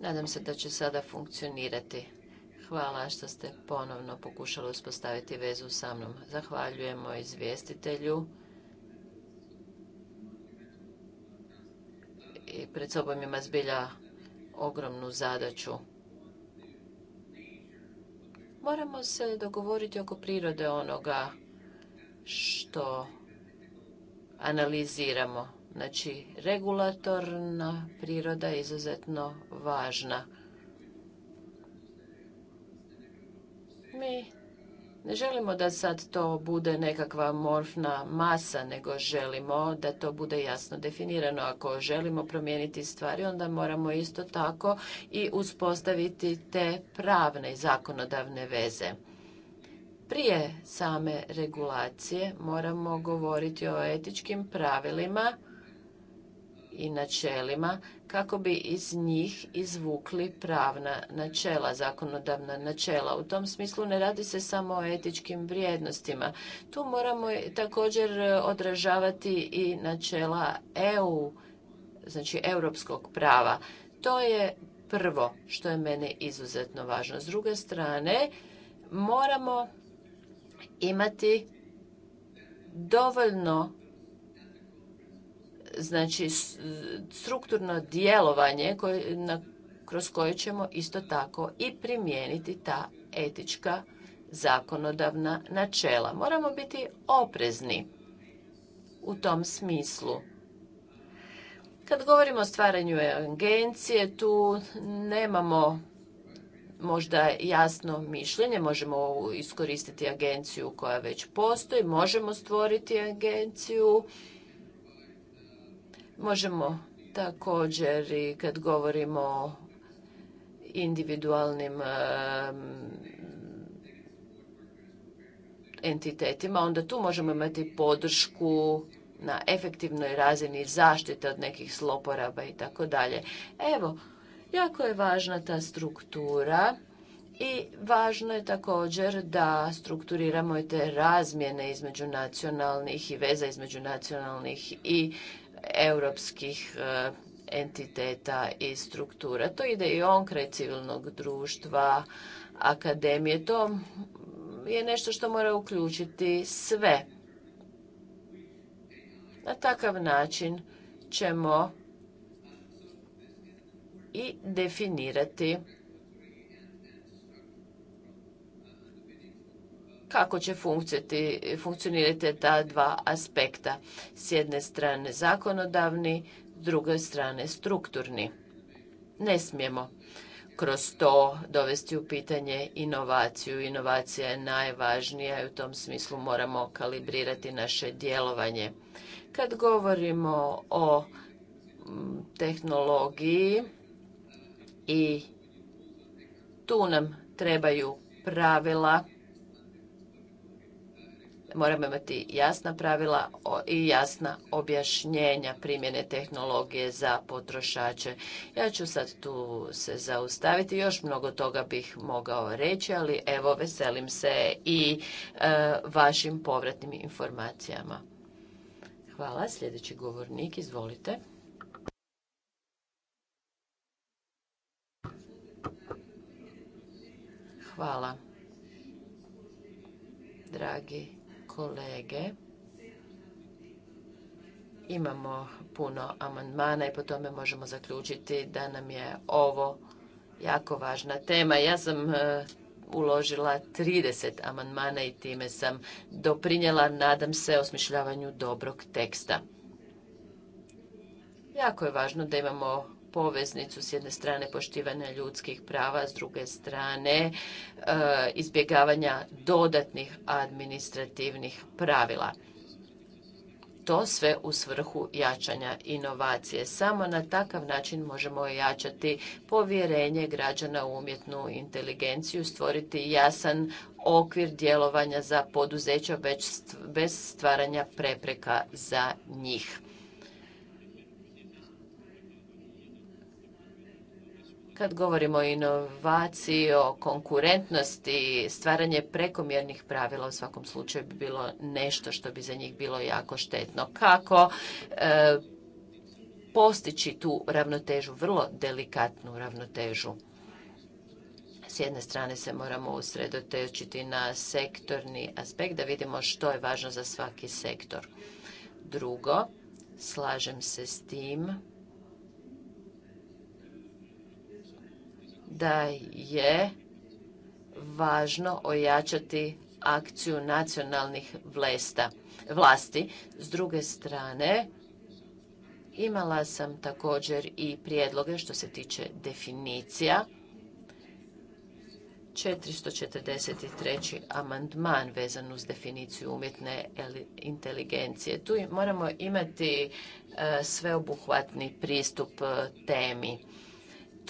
Nadam se da će sada funkcionirati. Hvala što ste ponovno pokušali uspostaviti vezu sa mnom. Zahvaljujemo izvjestitelju. I pred sobom ima zbilja ogromnu zadaću. Moramo se dogovoriti oko prirode onoga što analiziramo. Znači, regulatorna priroda je izuzetno važna. Mi ne želimo da sad to bude nekakva morfna masa, nego želimo da to bude jasno definirano. Ako želimo promijeniti stvari, onda moramo isto tako i uspostaviti te pravne i zakonodavne veze. Prije same regulacije moramo govoriti o etičkim pravilima i načelima kako bi iz njih izvukli pravna načela, zakonodavna načela. U tom smislu ne radi se samo o etičkim vrijednostima. Tu moramo također e, odražavati i načela EU, znači europskog prava. To je prvo što je mene izuzetno važno. S druge strane, moramo imati dovoljno znači strukturno djelovanje koje, kroz koje ćemo isto tako i primijeniti ta etička zakonodavna načela. Moramo biti oprezni u tom smislu. Kad govorimo o stvaranju agencije, tu nemamo možda jasno mišljenje, možemo iskoristiti agenciju koja već postoji, možemo stvoriti agenciju Možemo također i kad govorimo o individualnim entitetima, onda tu možemo imati podršku na efektivnoj razini zaštite od nekih sloporaba i tako dalje. Evo, jako je važna ta struktura i važno je također da strukturiramo i te razmjene između nacionalnih i veza između nacionalnih i europskih e, entiteta i struktura. To ide i on kraj civilnog društva, akademije. To je nešto što mora uključiti sve. Na takav način ćemo i definirati kako će funkcionirati ta dva aspekta. S jedne strane zakonodavni, s druge strane strukturni. Ne smijemo kroz to dovesti u pitanje inovaciju. Inovacija je najvažnija i u tom smislu moramo kalibrirati naše djelovanje. Kad govorimo o tehnologiji i tu nam trebaju pravila Moramo imati jasna pravila i jasna objašnjenja primjene tehnologije za potrošače. Ja ću sad tu se zaustaviti, još mnogo toga bih mogao reći, ali evo veselim se i e, vašim povratnim informacijama. Hvala, sljedeći govornik, izvolite. Hvala dragi kolege. Imamo puno amandmana i po tome možemo zaključiti da nam je ovo jako važna tema. Ja sam e, uložila 30 amandmana i time sam doprinjela, nadam se, osmišljavanju dobrog teksta. Jako je važno da imamo poveznicu s jedne strane poštivanja ljudskih prava, s druge strane e, izbjegavanja dodatnih administrativnih pravila. To sve u svrhu jačanja inovacije. Samo na takav način možemo jačati povjerenje građana u umjetnu inteligenciju, stvoriti jasan okvir djelovanja za poduzeća bez stvaranja prepreka za njih. Kad govorimo o inovaciji, o konkurentnosti, stvaranje prekomjernih pravila u svakom slučaju bi bilo nešto što bi za njih bilo jako štetno. Kako e, postići tu ravnotežu, vrlo delikatnu ravnotežu? S jedne strane se moramo usredotočiti na sektorni aspekt da vidimo što je važno za svaki sektor. Drugo, slažem se s tim da je važno ojačati akciju nacionalnih vlesta, vlasti. S druge strane, imala sam također i prijedloge što se tiče definicija. 443. amandman vezan uz definiciju umjetne inteligencije. Tu moramo imati e, sveobuhvatni pristup e, temi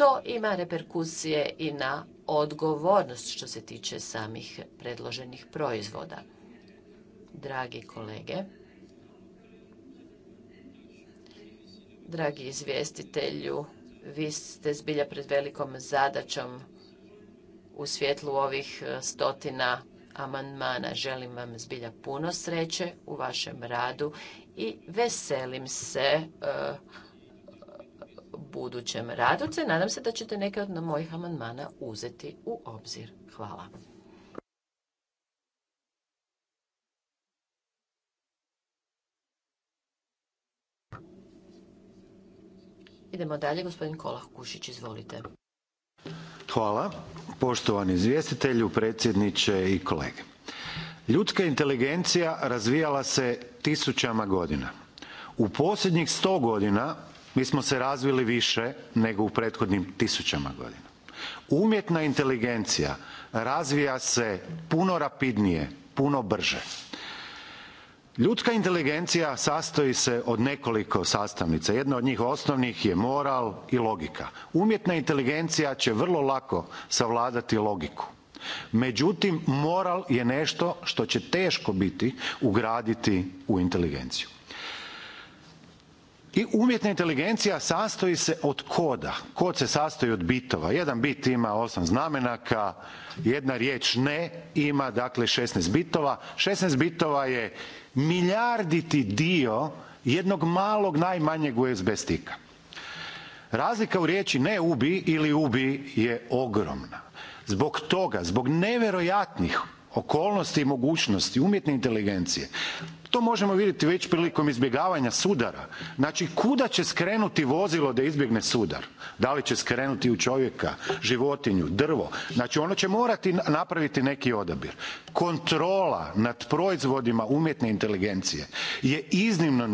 to ima reperkusije i na odgovornost što se tiče samih predloženih proizvoda. Dragi kolege, dragi izvjestitelju, vi ste zbilja pred velikom zadaćom u svjetlu ovih e, stotina amandmana. Želim vam zbilja puno sreće u vašem radu i veselim se e, budućem radu, nadam se da ćete neke od mojih amandmana uzeti u obzir. Hvala. Idemo dalje, gospodin Kolah Kušić, izvolite. Hvala, poštovani izvjestitelju, predsjedniče i kolege. Ljudska inteligencija razvijala se tisućama godina. U posljednjih sto godina mi smo se razvili više nego u prethodnim tisućama godina. Umjetna inteligencija razvija se puno rapidnije, puno brže. Ljudska inteligencija sastoji se od nekoliko sastavnica. Jedna od njih osnovnih je moral i logika. Umjetna inteligencija će vrlo lako savladati logiku. Međutim, moral je nešto što će teško biti ugraditi u inteligenciju. I umjetna inteligencija sastoji se od koda. Kod se sastoji od bitova. Jedan bit ima osam znamenaka, jedna riječ ne ima dakle 16 bitova. 16 bitova je milijarditi dio jednog malog najmanjeg USB stika. Razlika u riječi ne ubi ili ubi je ogromna. Zbog toga, zbog nevjerojatnih okolnosti i mogućnosti umjetne inteligencije, to možemo vidjeti već prilikom izbjegavanja sudara. Znači, kuda će skrenuti vozilo da izbjegne sudar? Da li će skrenuti u čovjeka, životinju, drvo? Znači, ono će morati napraviti neki odabir. Kontrola nad proizvodima umjetne inteligencije je iznimno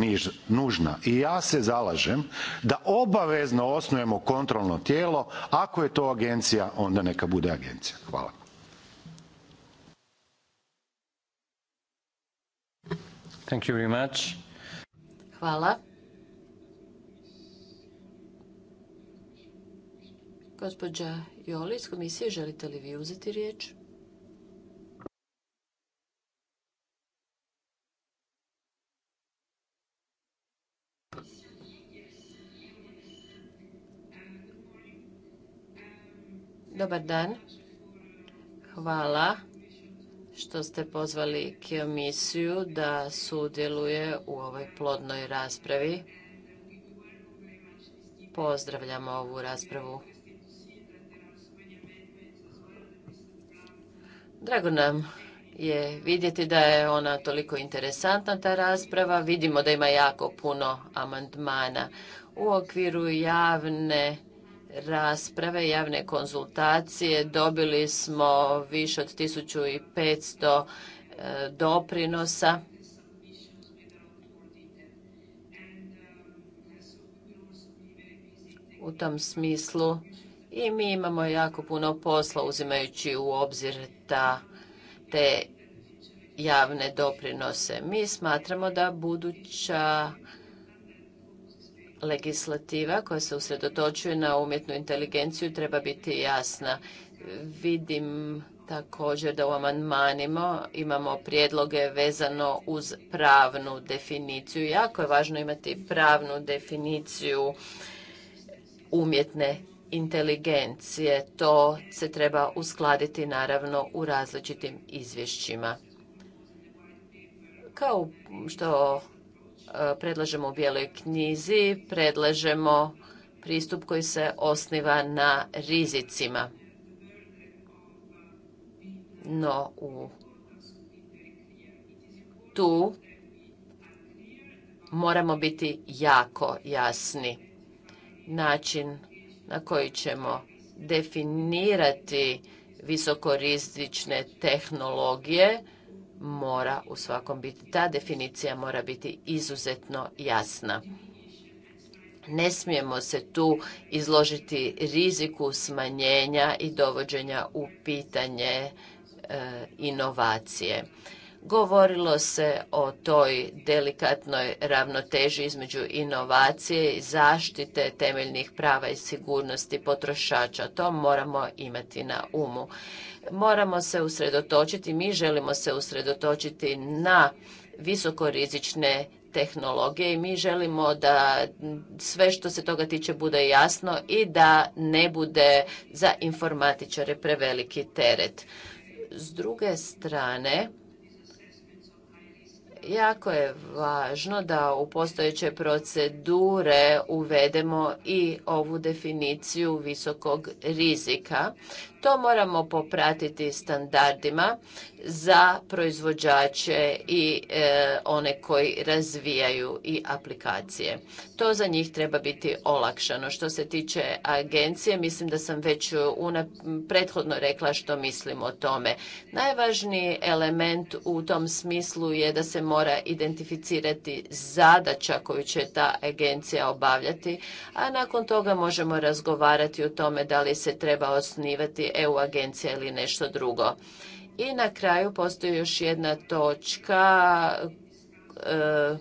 nužna i ja se zalažem da obavezno osnujemo kontrolno tijelo. Ako je to agencija, onda neka bude agencija. Hvala. Thank you very much. Hvala. Gospođa Joli iz komisije, želite li vi uzeti riječ? Dobar dan. Hvala što ste pozvali komisiju da sudjeluje u ovoj plodnoj raspravi. Pozdravljamo ovu raspravu. Drago nam je vidjeti da je ona toliko interesantna ta rasprava. Vidimo da ima jako puno amandmana u okviru javne rasprave, javne konzultacije. Dobili smo više od 1500 e, doprinosa. U tom smislu i mi imamo jako puno posla uzimajući u obzir ta, te javne doprinose. Mi smatramo da buduća Legislativa koja se usredotočuje na umjetnu inteligenciju treba biti jasna. Vidim također da u amandmanima imamo prijedloge vezano uz pravnu definiciju. Jako je važno imati pravnu definiciju umjetne inteligencije. To se treba uskladiti naravno u različitim izvješćima. Kao što E, predlažemo u bijeloj knjizi, predlažemo pristup koji se osniva na rizicima. No, u tu moramo biti jako jasni. Način na koji ćemo definirati visokorizične tehnologije mora u svakom biti, ta definicija mora biti izuzetno jasna. Ne smijemo se tu izložiti riziku smanjenja i dovođenja u pitanje e, inovacije. Govorilo se o toj delikatnoj ravnoteži između inovacije i zaštite temeljnih prava i sigurnosti potrošača. To moramo imati na umu. Moramo se usredotočiti, mi želimo se usredotočiti na visokorizične tehnologije i mi želimo da sve što se toga tiče bude jasno i da ne bude za informatičare preveliki teret. S druge strane, Jako je važno da u postojeće procedure uvedemo i ovu definiciju visokog rizika. To moramo popratiti standardima za proizvođače i e, one koji razvijaju i aplikacije. To za njih treba biti olakšano. Što se tiče agencije, mislim da sam već una, prethodno rekla što mislim o tome. Najvažniji element u tom smislu je da se mora identificirati zadaća koju će ta agencija obavljati, a nakon toga možemo razgovarati o tome da li se treba osnivati EU agencija ili nešto drugo. I na kraju postoji još jedna točka e,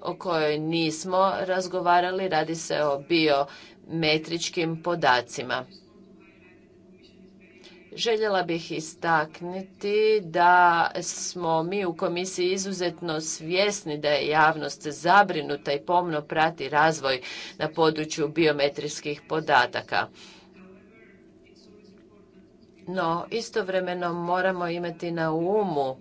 o kojoj nismo razgovarali, radi se o biometričkim podacima. Željela bih istaknuti da smo mi u komisiji izuzetno svjesni da je javnost zabrinuta i pomno prati razvoj na području biometrijskih podataka no istovremeno moramo imati na umu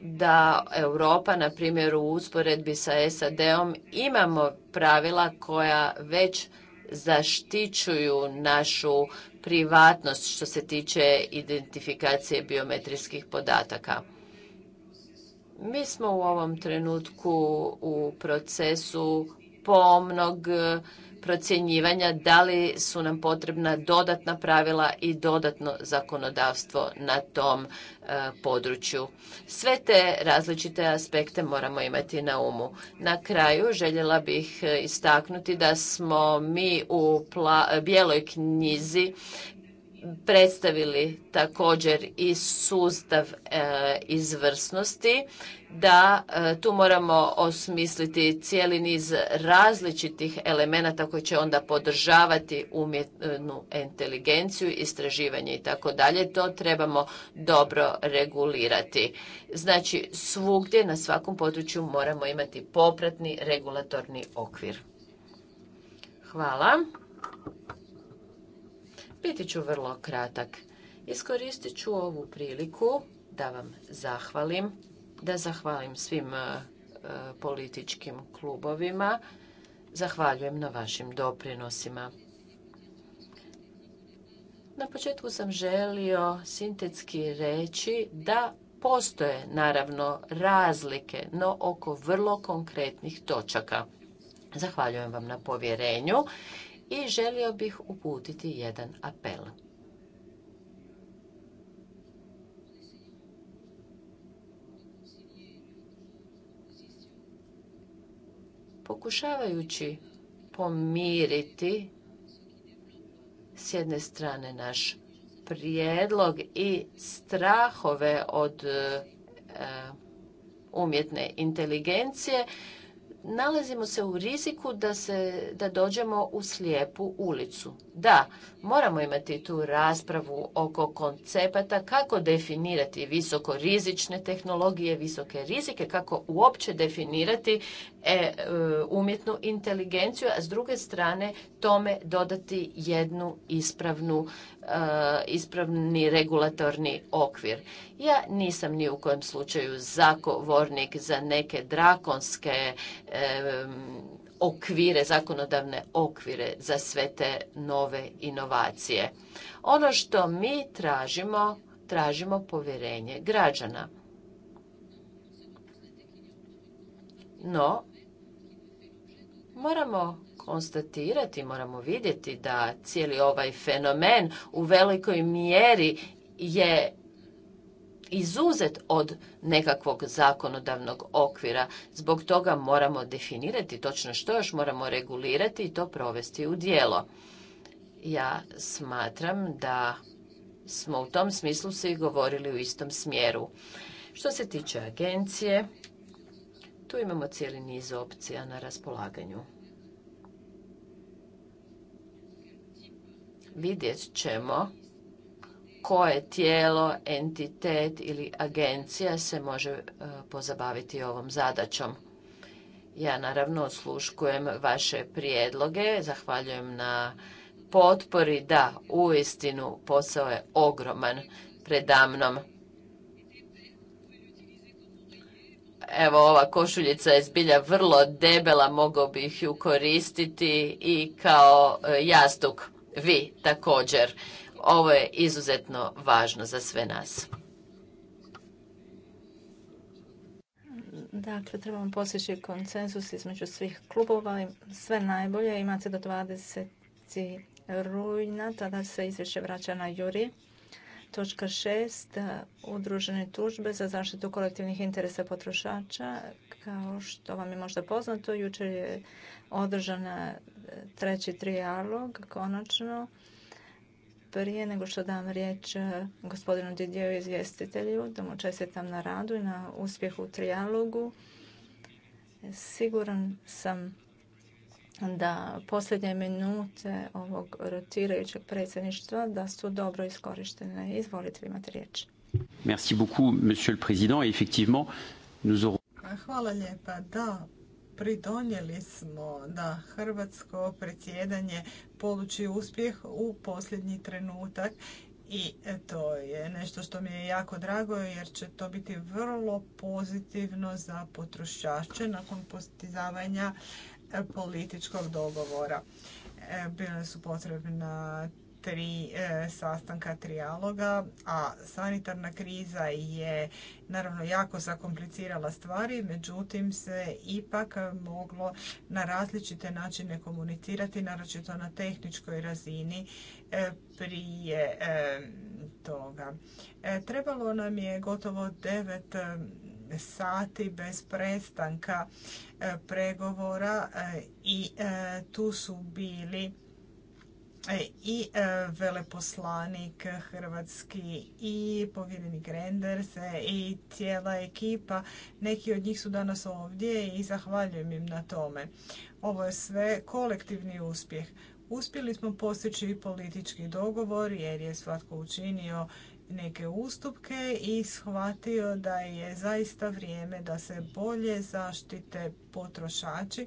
da Europa, na primjer u usporedbi sa SAD-om, imamo pravila koja već zaštićuju našu privatnost što se tiče identifikacije biometrijskih podataka. Mi smo u ovom trenutku u procesu pomnog procjenjivanja da li su nam potrebna dodatna pravila i dodatno zakonodavstvo na tom e, području. Sve te različite aspekte moramo imati na umu. Na kraju željela bih e, istaknuti da smo mi u bijeloj knjizi predstavili također i sustav e, izvrsnosti da e, tu moramo osmisliti cijeli niz različitih elemenata koji će onda podržavati umjetnu inteligenciju, istraživanje i tako dalje. To trebamo dobro regulirati. Znači svugdje na svakom području moramo imati popratni regulatorni okvir. Hvala. Biti ću vrlo kratak. Iskoristit ću ovu priliku da vam zahvalim, da zahvalim svim e, e, političkim klubovima. Zahvaljujem na vašim doprinosima. Na početku sam želio sintetski reći da postoje naravno razlike, no oko vrlo konkretnih točaka. Zahvaljujem vam na povjerenju i želio bih uputiti jedan apel. Pokušavajući pomiriti s jedne strane naš prijedlog i strahove od e, umjetne inteligencije nalazimo se u riziku da, se, da dođemo u slijepu ulicu. Da, moramo imati tu raspravu oko koncepata kako definirati visokorizične tehnologije, visoke rizike, kako uopće definirati E, e, umjetnu inteligenciju, a s druge strane tome dodati jednu ispravnu, e, ispravni regulatorni okvir. Ja nisam ni u kojem slučaju zakovornik za neke drakonske okvire, zakonodavne okvire za sve te nove inovacije. Ono što mi tražimo, tražimo povjerenje građana. No, moramo konstatirati, moramo vidjeti da cijeli ovaj fenomen u velikoj mjeri je izuzet od nekakvog zakonodavnog okvira. Zbog toga moramo definirati točno što još moramo regulirati i to provesti u djelo. Ja smatram da smo u tom smislu svi govorili u istom smjeru. Što se tiče agencije, tu imamo cijeli niz opcija na raspolaganju. Vidjet ćemo koje tijelo, entitet ili agencija se može e, pozabaviti ovom zadaćom. Ja naravno osluškujem vaše prijedloge, zahvaljujem na potpori. Da, uistinu posao je ogroman predamnom. Evo, ova košuljica je zbilja vrlo debela, mogao bih ju koristiti i kao e, jastuk. Vi također. Ovo je izuzetno važno za sve nas. Dakle, trebamo postići konsensus između svih klubova. Sve najbolje imate do 20. rujna, tada se izvješće vraća na juri. Točka šest, udružene tužbe za zaštitu kolektivnih interesa potrošača. Kao što vam je možda poznato, jučer je održana treći trijalog, konačno. Prije nego što dam riječ gospodinu Didjevu izvjestitelju, da mu čestitam na radu i na uspjehu u trijalogu. Siguran sam da posljednje minute ovog rotirajućeg predsjedništva da su dobro iskorištene. Izvolite, imate riječ. Merci beaucoup, monsieur le président. Effectivement, nous aurons... Hvala lijepa. Da, pridonijeli smo da Hrvatsko predsjedanje poluči uspjeh u posljednji trenutak i to je nešto što mi je jako drago jer će to biti vrlo pozitivno za potrošače nakon postizavanja E, političkog dogovora. Bile su potrebna tri e, sastanka trijaloga, a sanitarna kriza je naravno jako zakomplicirala stvari, međutim se ipak moglo na različite načine komunicirati, naročito na tehničkoj razini e, prije toga. Trebalo nam je gotovo devet sati bez prestanka e, pregovora e, i e, tu su bili i veleposlanik hrvatski i povjerenik Renders i cijela ekipa. Neki od njih su danas ovdje i zahvaljujem im na tome. Ovo je sve kolektivni uspjeh. Uspjeli smo postići politički dogovor jer je svatko učinio neke ustupke i shvatio da je zaista vrijeme da se bolje zaštite potrošači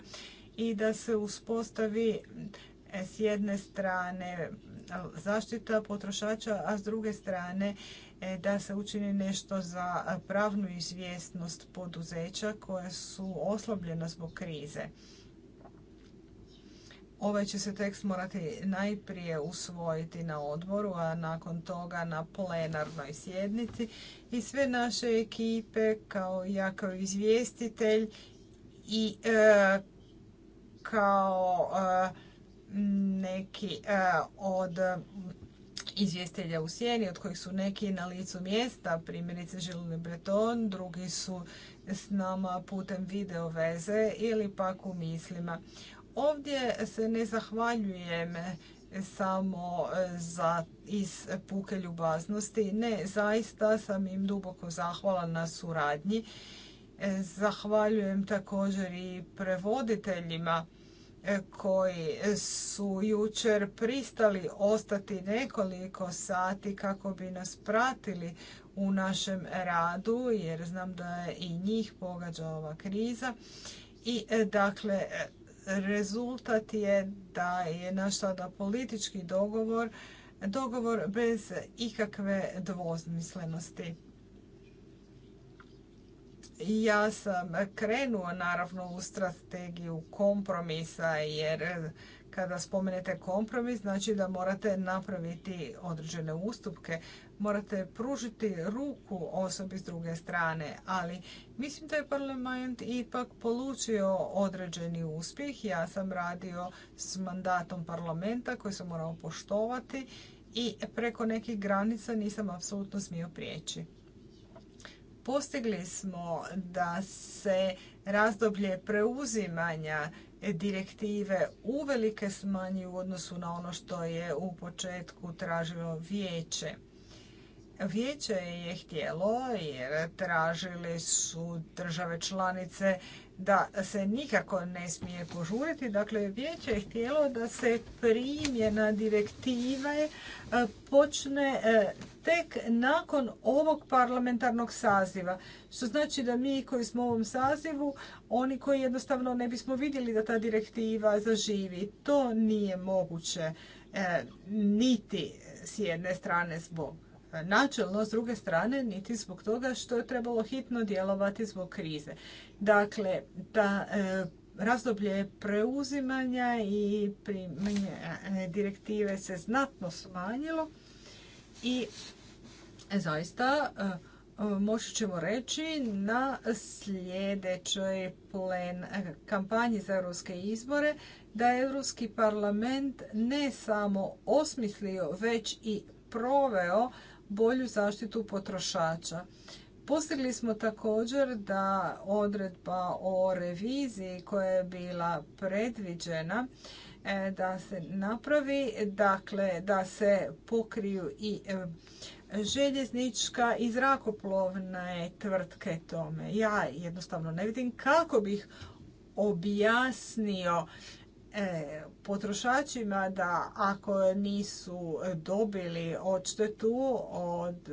i da se uspostavi s jedne strane zaštita potrošača, a s druge strane e, da se učini nešto za pravnu izvjesnost poduzeća koja su oslabljena zbog krize. Ovaj će se tekst morati najprije usvojiti na odboru, a nakon toga na plenarnoj sjednici. I sve naše ekipe, kao ja kao izvjestitelj i e, kao e, neki e, od izvjestitelja u sjeni, od kojih su neki na licu mjesta, primjerice Žilune Breton, drugi su s nama putem video veze ili pak u mislima. Ovdje se ne zahvaljujem samo e, za, iz puke ljubaznosti. Ne, zaista sam im duboko zahvala na suradnji. E, zahvaljujem također i prevoditeljima e, koji su jučer pristali ostati nekoliko sati kako bi nas pratili u našem radu jer znam da je i njih pogađa ova kriza. I dakle rezultat je da je naš sada politički dogovor dogovor bez ikakve dvozmislenosti. Ja sam krenuo naravno u strategiju kompromisa jer kada spomenete kompromis, znači da morate napraviti određene ustupke, morate pružiti ruku osobi s druge strane, ali mislim da je parlament ipak polučio određeni uspjeh. Ja sam radio s mandatom parlamenta koji sam morao poštovati i preko nekih granica nisam apsolutno smio prijeći. Postigli smo da se razdoblje preuzimanja direktive uvelike smanji u odnosu na ono što je u početku tražilo vijeće. Vijeće je htjelo jer tražili su države članice da se nikako ne smije požuriti. Dakle, vijeće je htjelo da se primjena direktive e, počne e, tek nakon ovog parlamentarnog saziva. Što znači da mi koji smo u ovom sazivu, oni koji jednostavno ne bismo vidjeli da ta direktiva zaživi. To nije moguće e, niti s jedne strane zbog načelno, s druge strane niti zbog toga što je trebalo hitno djelovati zbog krize. Dakle, da e, razdoblje preuzimanja i primjenja e, direktive se znatno smanjilo i e, zaista moći ćemo reći na sljedećoj plen kampanji za europske izbore da je Europski parlament ne samo osmislio već i proveo bolju zaštitu potrošača. Postigli smo također da odredba o reviziji koja je bila predviđena e, da se napravi, dakle da se pokriju i e, željeznička i zrakoplovne tvrtke tome. Ja jednostavno ne vidim kako bih objasnio e, potrošačima da ako nisu dobili odštetu od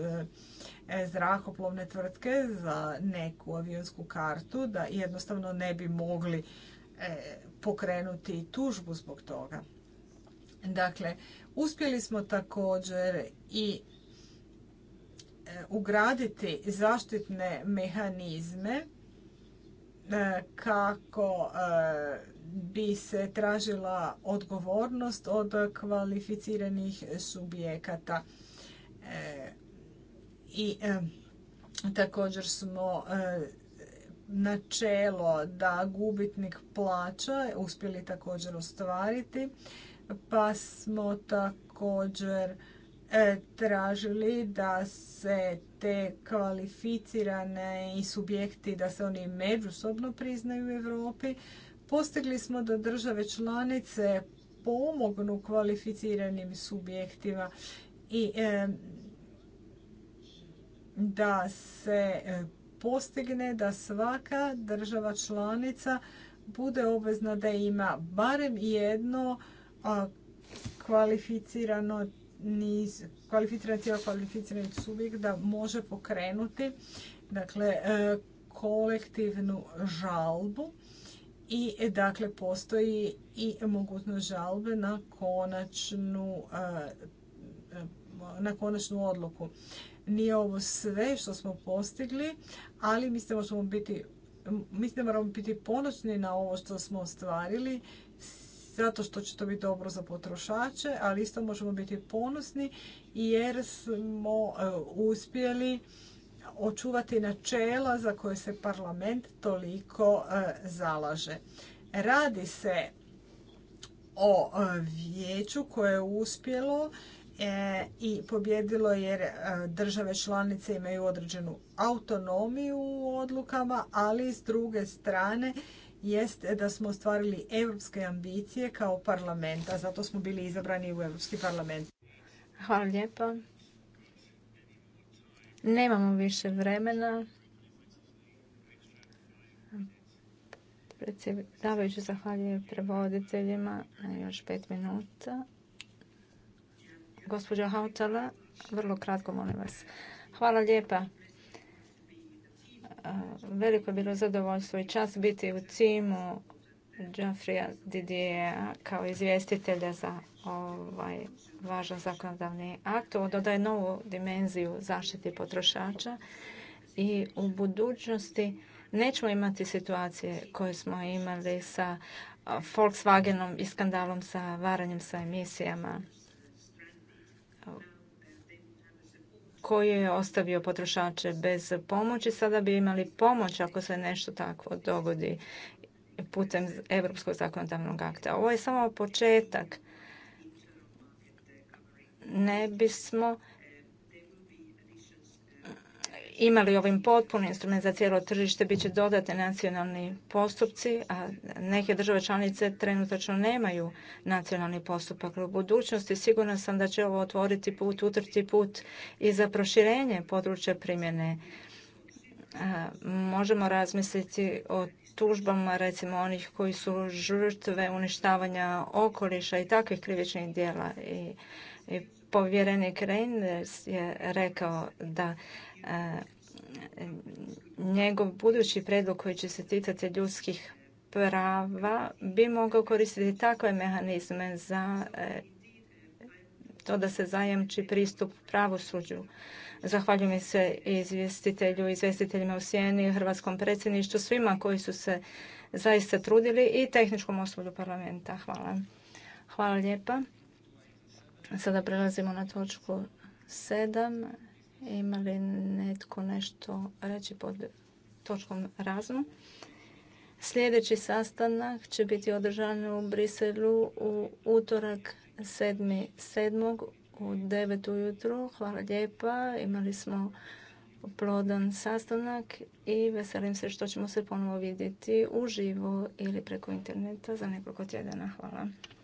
zrakoplovne tvrtke za neku avionsku kartu da jednostavno ne bi mogli e, pokrenuti tužbu zbog toga. Dakle, uspjeli smo također i e, ugraditi zaštitne mehanizme e, kako bi se tražila odgovornost od kvalificiranih subjekata i također smo eh, načelo da gubitnik plaća uspjeli također ostvariti pa smo također eh, tražili da se te kvalificirane i subjekti da se oni međusobno priznaju u Europi. Postigli smo da države članice pomognu kvalificiranim subjektima i da se e, postigne da svaka država članica bude obvezna da ima barem jedno kvalificirano niz, kvalificiran cijelo kvalificirani subjekt da može pokrenuti dakle, e, kolektivnu žalbu i dakle postoji i mogućnost žalbe na konačnu e, na konačnu odluku nije ovo sve što smo postigli, ali mislim da moramo biti ponosni na ovo što smo ostvarili zato što će to biti dobro za potrošače, ali isto možemo biti ponosni jer smo e, uspjeli očuvati načela za koje se parlament toliko e, zalaže. Radi se o e, vijeću koje je uspjelo E, i pobjedilo jer e, države članice imaju određenu autonomiju u odlukama, ali s druge strane jest da smo ostvarili europske ambicije kao parlamenta. Zato smo bili izabrani u Europski parlament. Hvala lijepa. Nemamo više vremena. Predsjedavajući zahvaljujem prevoditeljima još pet minuta. Gospođa Hautala, vrlo kratko molim vas. Hvala lijepa. Veliko je bilo zadovoljstvo i čast biti u timu Jeffrey Didier kao izvjestitelja za ovaj važan zakonodavni akt. Ovo dodaje novu dimenziju zaštiti potrošača i u budućnosti nećemo imati situacije koje smo imali sa Volkswagenom i skandalom sa varanjem sa emisijama. koji je ostavio potrošače bez pomoći. Sada bi imali pomoć ako se nešto takvo dogodi putem Europskog zakonodavnog akta. Ovo je samo početak. Ne bismo imali ovim potpuni instrument za cijelo tržište, bit će dodatni nacionalni postupci, a neke države članice trenutačno nemaju nacionalni postupak. U budućnosti sigurno sam da će ovo otvoriti put, utrti put i za proširenje područja primjene. Možemo razmisliti o tužbama recimo onih koji su žrtve uništavanja okoliša i takvih krivičnih djela i, povjerenik Reinders je rekao da E, njegov budući predlog koji će se ticati ljudskih prava bi mogao koristiti takve mehanizme za e, to da se zajamči pristup pravosuđu. Zahvaljujem se izvjestitelju, izvjestiteljima u Sjeni, Hrvatskom predsjedništvu, svima koji su se zaista trudili i tehničkom osoblju parlamenta. Hvala. Hvala lijepa. Sada prelazimo na točku sedam. Ima li netko nešto reći pod točkom razum? Sljedeći sastanak će biti održan u Briselu u utorak 7.7. u 9. ujutru. Hvala lijepa. Imali smo plodan sastanak i veselim se što ćemo se ponovo vidjeti uživo ili preko interneta za nekoliko tjedana. Hvala.